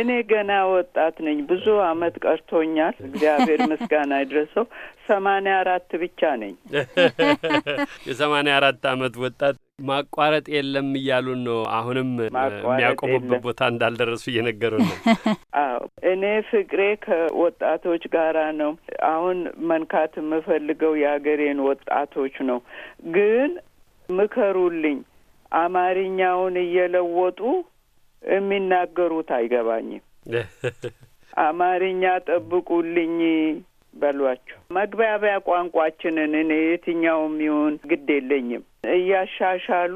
እኔ ገና ወጣት ነኝ። ብዙ አመት ቀርቶኛል። እግዚአብሔር ምስጋና ይድረሰው። ሰማንያ አራት ብቻ ነኝ። *laughs* የሰማንያ አራት አመት ወጣት ማቋረጥ የለም እያሉን ነው። አሁንም የሚያቆሙበት ቦታ እንዳልደረሱ እየነገሩ ነው። *laughs* አዎ እኔ ፍቅሬ ከወጣቶች ጋራ ነው። አሁን መንካት የምፈልገው የሀገሬን ወጣቶች ነው። ግን ምከሩልኝ። አማርኛውን እየለወጡ የሚናገሩት አይገባኝም። *laughs* አማርኛ ጠብቁልኝ በሏቸው። መግባቢያ ቋንቋችንን እኔ የትኛውም ይሁን ግድ የለኝም እያሻሻሉ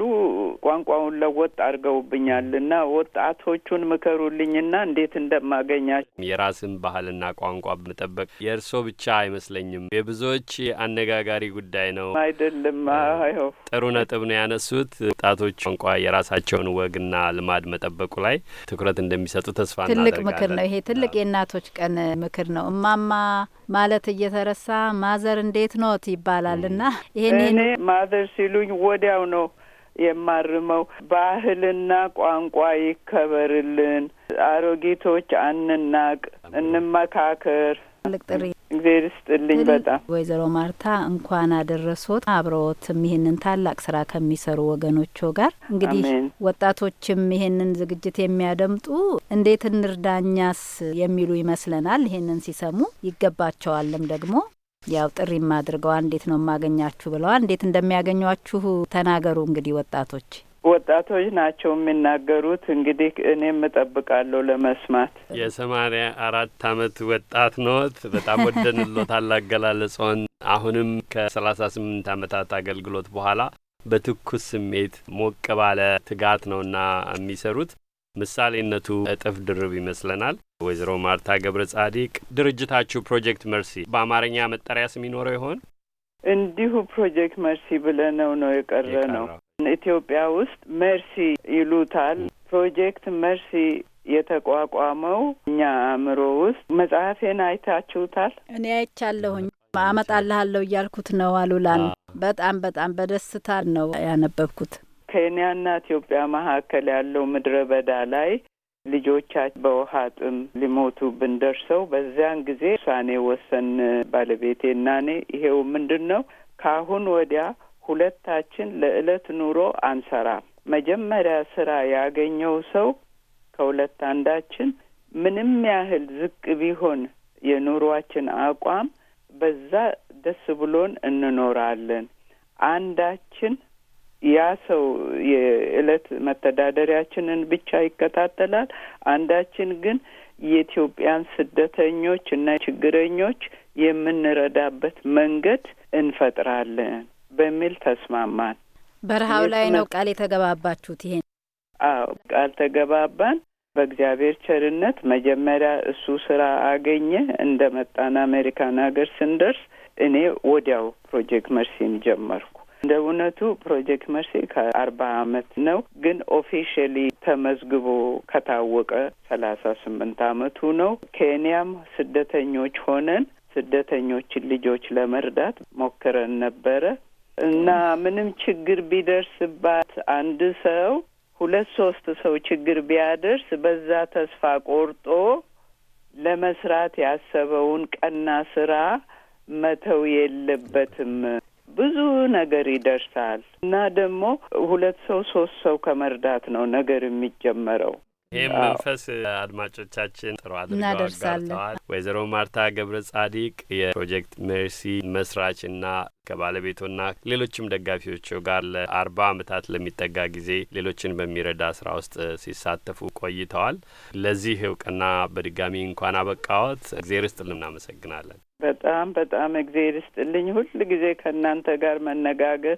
ቋንቋውን ለወጥ አድርገውብኛል እና ወጣቶቹን ምከሩልኝና እንዴት እንደማገኛቸው የራስን ባህልና ቋንቋ መጠበቅ የእርሶ ብቻ አይመስለኝም፣ የብዙዎች አነጋጋሪ ጉዳይ ነው። አይደለም? አይሆ ጥሩ ነጥብ ነው ያነሱት። ወጣቶች ቋንቋ የራሳቸውን ወግና ልማድ መጠበቁ ላይ ትኩረት እንደሚሰጡ ተስፋ ትልቅ ምክር ነው ይሄ። ትልቅ የእናቶች ቀን ምክር ነው። እማማ ማለት እየተረሳ ማዘር እንዴት ኖት ይባላል እና ይሄን ማዘር ሲሉኝ ወዲያው ነው የማርመው። ባህልና ቋንቋ ይከበርልን። አሮጊቶች አንናቅ፣ እንመካከር። ልቅጥሪ እግዜር ይስጥልኝ። በጣም ወይዘሮ ማርታ እንኳን አደረሶት። አብረዎትም ይህንን ታላቅ ስራ ከሚሰሩ ወገኖች ጋር እንግዲህ ወጣቶችም ይህንን ዝግጅት የሚያደምጡ እንዴት እንርዳኛስ የሚሉ ይመስለናል። ይህንን ሲሰሙ ይገባቸዋልም ደግሞ ያው ጥሪ የማድርገው እንዴት ነው የማገኛችሁ ብለዋል። እንዴት እንደሚያገኟችሁ ተናገሩ። እንግዲህ ወጣቶች ወጣቶች ናቸው የሚናገሩት። እንግዲህ እኔም እጠብቃለሁ ለመስማት። የሰማኒያ አራት አመት ወጣት ኖት። በጣም ወደንሎታል አገላለጽዎን። አሁንም ከሰላሳ ስምንት አመታት አገልግሎት በኋላ በትኩስ ስሜት ሞቅ ባለ ትጋት ነውና የሚሰሩት ምሳሌነቱ እጥፍ ድርብ ይመስለናል። ወይዘሮ ማርታ ገብረ ጻዲቅ ድርጅታችሁ ፕሮጀክት መርሲ በአማርኛ መጠሪያ ስም ይኖረው ይሆን? እንዲሁ ፕሮጀክት መርሲ ብለነው ነው የቀረ ነው። ኢትዮጵያ ውስጥ መርሲ ይሉታል። ፕሮጀክት መርሲ የተቋቋመው እኛ አእምሮ ውስጥ መጽሐፌን አይታችሁታል? እኔ አይቻለሁኝ። አመጣልሃለሁ እያልኩት ነው አሉላን። በጣም በጣም በደስታ ነው ያነበብኩት። ከኬንያና ኢትዮጵያ መካከል ያለው ምድረ በዳ ላይ ልጆቻች በውሃ ጥም ሊሞቱ ደርሰው በዚያን ጊዜ ውሳኔ ወሰን ባለቤቴና እኔ። ይሄው ምንድን ነው ከአሁን ወዲያ ሁለታችን ለዕለት ኑሮ አንሰራም። መጀመሪያ ስራ ያገኘው ሰው ከሁለት አንዳችን ምንም ያህል ዝቅ ቢሆን የኑሯችን አቋም በዛ ደስ ብሎን እንኖራለን። አንዳችን ያ ሰው የእለት መተዳደሪያችንን ብቻ ይከታተላል። አንዳችን ግን የኢትዮጵያን ስደተኞች እና ችግረኞች የምንረዳበት መንገድ እንፈጥራለን በሚል ተስማማን። በረሃው ላይ ነው ቃል የተገባባችሁት? ይሄን አዎ ቃል ተገባባን። በእግዚአብሔር ቸርነት መጀመሪያ እሱ ስራ አገኘ። እንደ መጣን አሜሪካን ሀገር ስንደርስ እኔ ወዲያው ፕሮጀክት መርሲን ጀመርኩ። እንደ እውነቱ ፕሮጀክት መርሴ ከአርባ አመት ነው፣ ግን ኦፊሽሊ ተመዝግቦ ከታወቀ ሰላሳ ስምንት አመቱ ነው። ኬንያም ስደተኞች ሆነን ስደተኞችን ልጆች ለመርዳት ሞክረን ነበረ እና ምንም ችግር ቢደርስባት አንድ ሰው ሁለት ሶስት ሰው ችግር ቢያደርስ በዛ ተስፋ ቆርጦ ለመስራት ያሰበውን ቀና ስራ መተው የለበትም። ብዙ ነገር ይደርሳል እና ደግሞ ሁለት ሰው ሶስት ሰው ከመርዳት ነው ነገር የሚጀመረው። ይህም መንፈስ አድማጮቻችን ጥሩ አድርገው ወይዘሮ ማርታ ገብረ ጻዲቅ የፕሮጀክት ሜርሲ መስራችና ከባለቤቶና ሌሎችም ደጋፊዎች ጋር ለአርባ ዓመታት ለሚጠጋ ጊዜ ሌሎችን በሚረዳ ስራ ውስጥ ሲሳተፉ ቆይተዋል። ለዚህ እውቅና በድጋሚ እንኳን አበቃዎት። እግዜር ስጥ ልናመሰግናለን። በጣም በጣም እግዜር ይስጥልኝ። ሁል ጊዜ ከእናንተ ጋር መነጋገር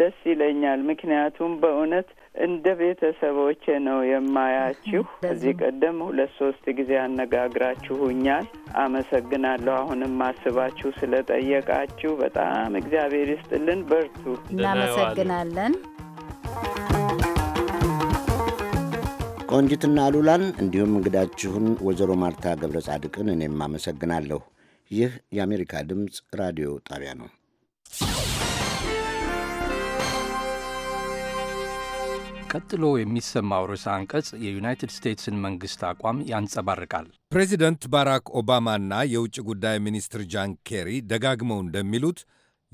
ደስ ይለኛል። ምክንያቱም በእውነት እንደ ቤተሰቦቼ ነው የማያችሁ። *laughs* ከዚህ ቀደም ሁለት ሶስት ጊዜ አነጋግራችሁኛል። አመሰግናለሁ። አሁንም አስባችሁ ስለጠየቃችሁ በጣም እግዚአብሔር ይስጥልን። በርቱ። እናመሰግናለን። ቆንጅትና አሉላን እንዲሁም እንግዳችሁን ወይዘሮ ማርታ ገብረ ጻድቅን እኔም አመሰግናለሁ። ይህ የአሜሪካ ድምፅ ራዲዮ ጣቢያ ነው። ቀጥሎ የሚሰማው ርዕሰ አንቀጽ የዩናይትድ ስቴትስን መንግሥት አቋም ያንጸባርቃል። ፕሬዚደንት ባራክ ኦባማና የውጭ ጉዳይ ሚኒስትር ጃን ኬሪ ደጋግመው እንደሚሉት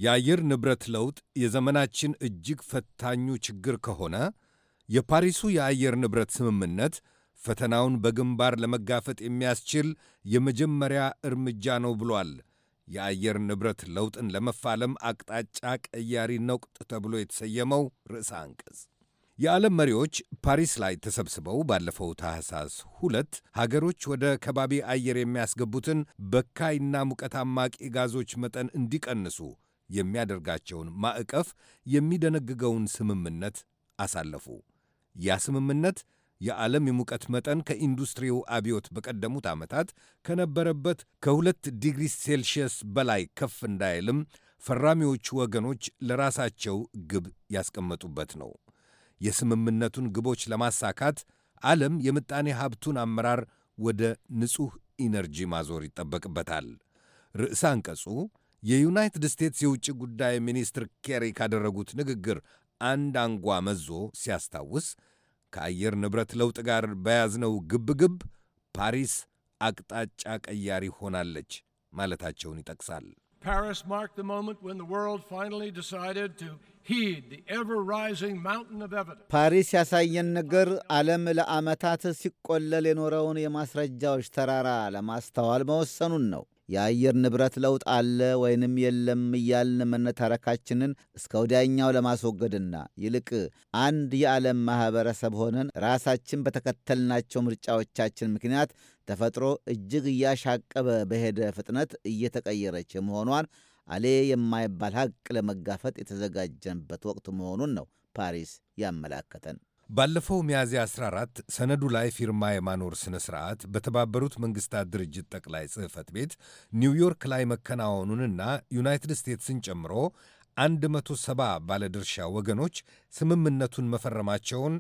የአየር ንብረት ለውጥ የዘመናችን እጅግ ፈታኙ ችግር ከሆነ የፓሪሱ የአየር ንብረት ስምምነት ፈተናውን በግንባር ለመጋፈጥ የሚያስችል የመጀመሪያ እርምጃ ነው ብሏል። የአየር ንብረት ለውጥን ለመፋለም አቅጣጫ ቀያሪ ነውጥ ተብሎ የተሰየመው ርዕሰ አንቀጽ የዓለም መሪዎች ፓሪስ ላይ ተሰብስበው ባለፈው ታህሳስ ሁለት ሀገሮች ወደ ከባቢ አየር የሚያስገቡትን በካይና ሙቀት አማቂ ጋዞች መጠን እንዲቀንሱ የሚያደርጋቸውን ማዕቀፍ የሚደነግገውን ስምምነት አሳለፉ። ያ ስምምነት የዓለም የሙቀት መጠን ከኢንዱስትሪው አብዮት በቀደሙት ዓመታት ከነበረበት ከሁለት ዲግሪ ሴልሺየስ በላይ ከፍ እንዳይልም ፈራሚዎቹ ወገኖች ለራሳቸው ግብ ያስቀመጡበት ነው። የስምምነቱን ግቦች ለማሳካት ዓለም የምጣኔ ሀብቱን አመራር ወደ ንጹሕ ኢነርጂ ማዞር ይጠበቅበታል። ርዕሰ አንቀጹ የዩናይትድ ስቴትስ የውጭ ጉዳይ ሚኒስትር ኬሪ ካደረጉት ንግግር አንድ አንጓ መዞ ሲያስታውስ ከአየር ንብረት ለውጥ ጋር በያዝነው ግብግብ ፓሪስ አቅጣጫ ቀያሪ ሆናለች ማለታቸውን ይጠቅሳል። ፓሪስ ማርክ ዘ ሞመንት ወን ዘ ወርልድ ፋይናሊ ዲሳይደድ ቱ ፓሪስ ያሳየን ነገር ዓለም ለዓመታት ሲቆለል የኖረውን የማስረጃዎች ተራራ ለማስተዋል መወሰኑን ነው። የአየር ንብረት ለውጥ አለ ወይንም የለም እያልን መነታረካችንን እስከ ወዲያኛው ለማስወገድና ይልቅ አንድ የዓለም ማኅበረሰብ ሆነን ራሳችን በተከተልናቸው ምርጫዎቻችን ምክንያት ተፈጥሮ እጅግ እያሻቀበ በሄደ ፍጥነት እየተቀየረች የመሆኗን አሌ የማይባል ሀቅ ለመጋፈጥ የተዘጋጀንበት ወቅት መሆኑን ነው ፓሪስ ያመላከተን። ባለፈው ሚያዝያ 14 ሰነዱ ላይ ፊርማ የማኖር ሥነ ሥርዓት በተባበሩት መንግሥታት ድርጅት ጠቅላይ ጽሕፈት ቤት ኒውዮርክ ላይ መከናወኑንና ዩናይትድ ስቴትስን ጨምሮ 170 ባለድርሻ ወገኖች ስምምነቱን መፈረማቸውን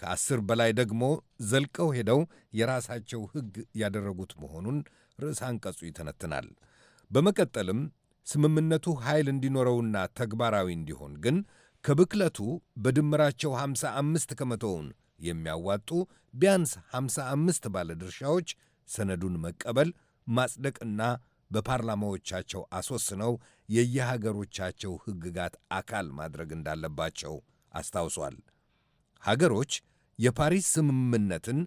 ከአስር በላይ ደግሞ ዘልቀው ሄደው የራሳቸው ሕግ ያደረጉት መሆኑን ርዕስ አንቀጹ ይተነትናል። በመቀጠልም ስምምነቱ ኃይል እንዲኖረውና ተግባራዊ እንዲሆን ግን ከብክለቱ በድምራቸው 55 ከመቶውን የሚያዋጡ ቢያንስ 55 ባለድርሻዎች ሰነዱን መቀበል ማጽደቅና በፓርላማዎቻቸው አስወስነው የየሀገሮቻቸው ሕግጋት አካል ማድረግ እንዳለባቸው አስታውሷል። ሀገሮች የፓሪስ ስምምነትን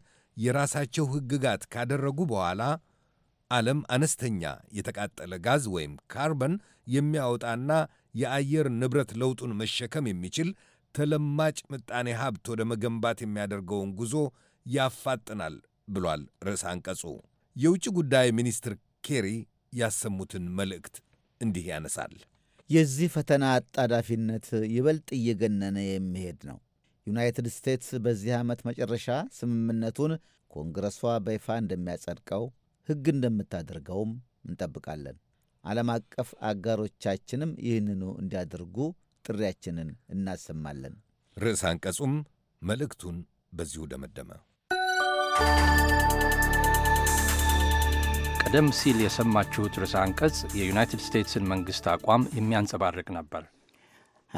የራሳቸው ሕግጋት ካደረጉ በኋላ ዓለም አነስተኛ የተቃጠለ ጋዝ ወይም ካርበን የሚያወጣና የአየር ንብረት ለውጡን መሸከም የሚችል ተለማጭ ምጣኔ ሀብት ወደ መገንባት የሚያደርገውን ጉዞ ያፋጥናል ብሏል ርዕስ አንቀጹ። የውጭ ጉዳይ ሚኒስትር ኬሪ ያሰሙትን መልእክት እንዲህ ያነሳል። የዚህ ፈተና አጣዳፊነት ይበልጥ እየገነነ የሚሄድ ነው። ዩናይትድ ስቴትስ በዚህ ዓመት መጨረሻ ስምምነቱን ኮንግረሷ በይፋ እንደሚያጸድቀው ሕግ እንደምታደርገውም እንጠብቃለን። ዓለም አቀፍ አጋሮቻችንም ይህንኑ እንዲያደርጉ ጥሪያችንን እናሰማለን። ርዕስ አንቀጹም መልእክቱን በዚሁ ደመደመ። ቀደም ሲል የሰማችሁት ርዕስ አንቀጽ የዩናይትድ ስቴትስን መንግሥት አቋም የሚያንጸባርቅ ነበር።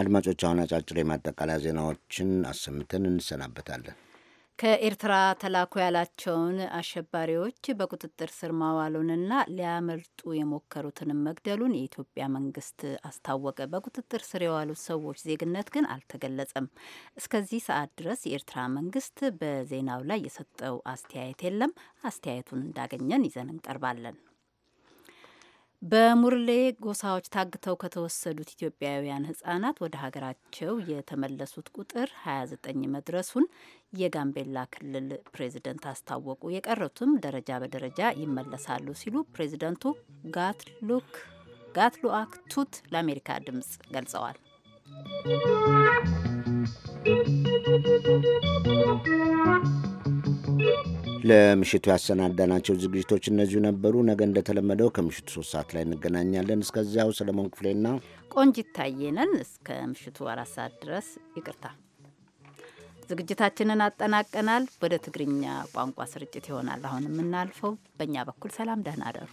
አድማጮች፣ አሁን አጫጭር የማጠቃለያ ዜናዎችን አሰምተን እንሰናበታለን። ከኤርትራ ተላኩ ያላቸውን አሸባሪዎች በቁጥጥር ስር ማዋሉንና ሊያመልጡ የሞከሩትንም መግደሉን የኢትዮጵያ መንግስት አስታወቀ። በቁጥጥር ስር የዋሉት ሰዎች ዜግነት ግን አልተገለጸም። እስከዚህ ሰዓት ድረስ የኤርትራ መንግስት በዜናው ላይ የሰጠው አስተያየት የለም። አስተያየቱን እንዳገኘን ይዘን እንቀርባለን። በሙርሌ ጎሳዎች ታግተው ከተወሰዱት ኢትዮጵያውያን ህጻናት ወደ ሀገራቸው የተመለሱት ቁጥር 29 መድረሱን የጋምቤላ ክልል ፕሬዝደንት አስታወቁ። የቀረቱም ደረጃ በደረጃ ይመለሳሉ ሲሉ ፕሬዝደንቱ ጋትሉክ ጋትሉአክ ቱት ለአሜሪካ ድምጽ ገልጸዋል። ለምሽቱ ያሰናዳናቸው ዝግጅቶች እነዚሁ ነበሩ። ነገ እንደተለመደው ከምሽቱ ሶስት ሰዓት ላይ እንገናኛለን። እስከዚያው ሰለሞን ክፍሌና ቆንጂት ታየነን እስከ ምሽቱ አራት ሰዓት ድረስ ይቅርታ ዝግጅታችንን አጠናቀናል። ወደ ትግርኛ ቋንቋ ስርጭት ይሆናል አሁን የምናልፈው። በእኛ በኩል ሰላም፣ ደህና አደሩ።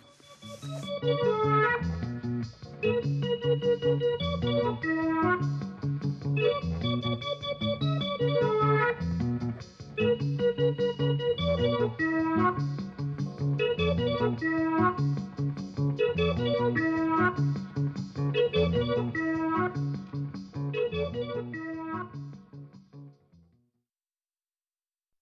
Thank you.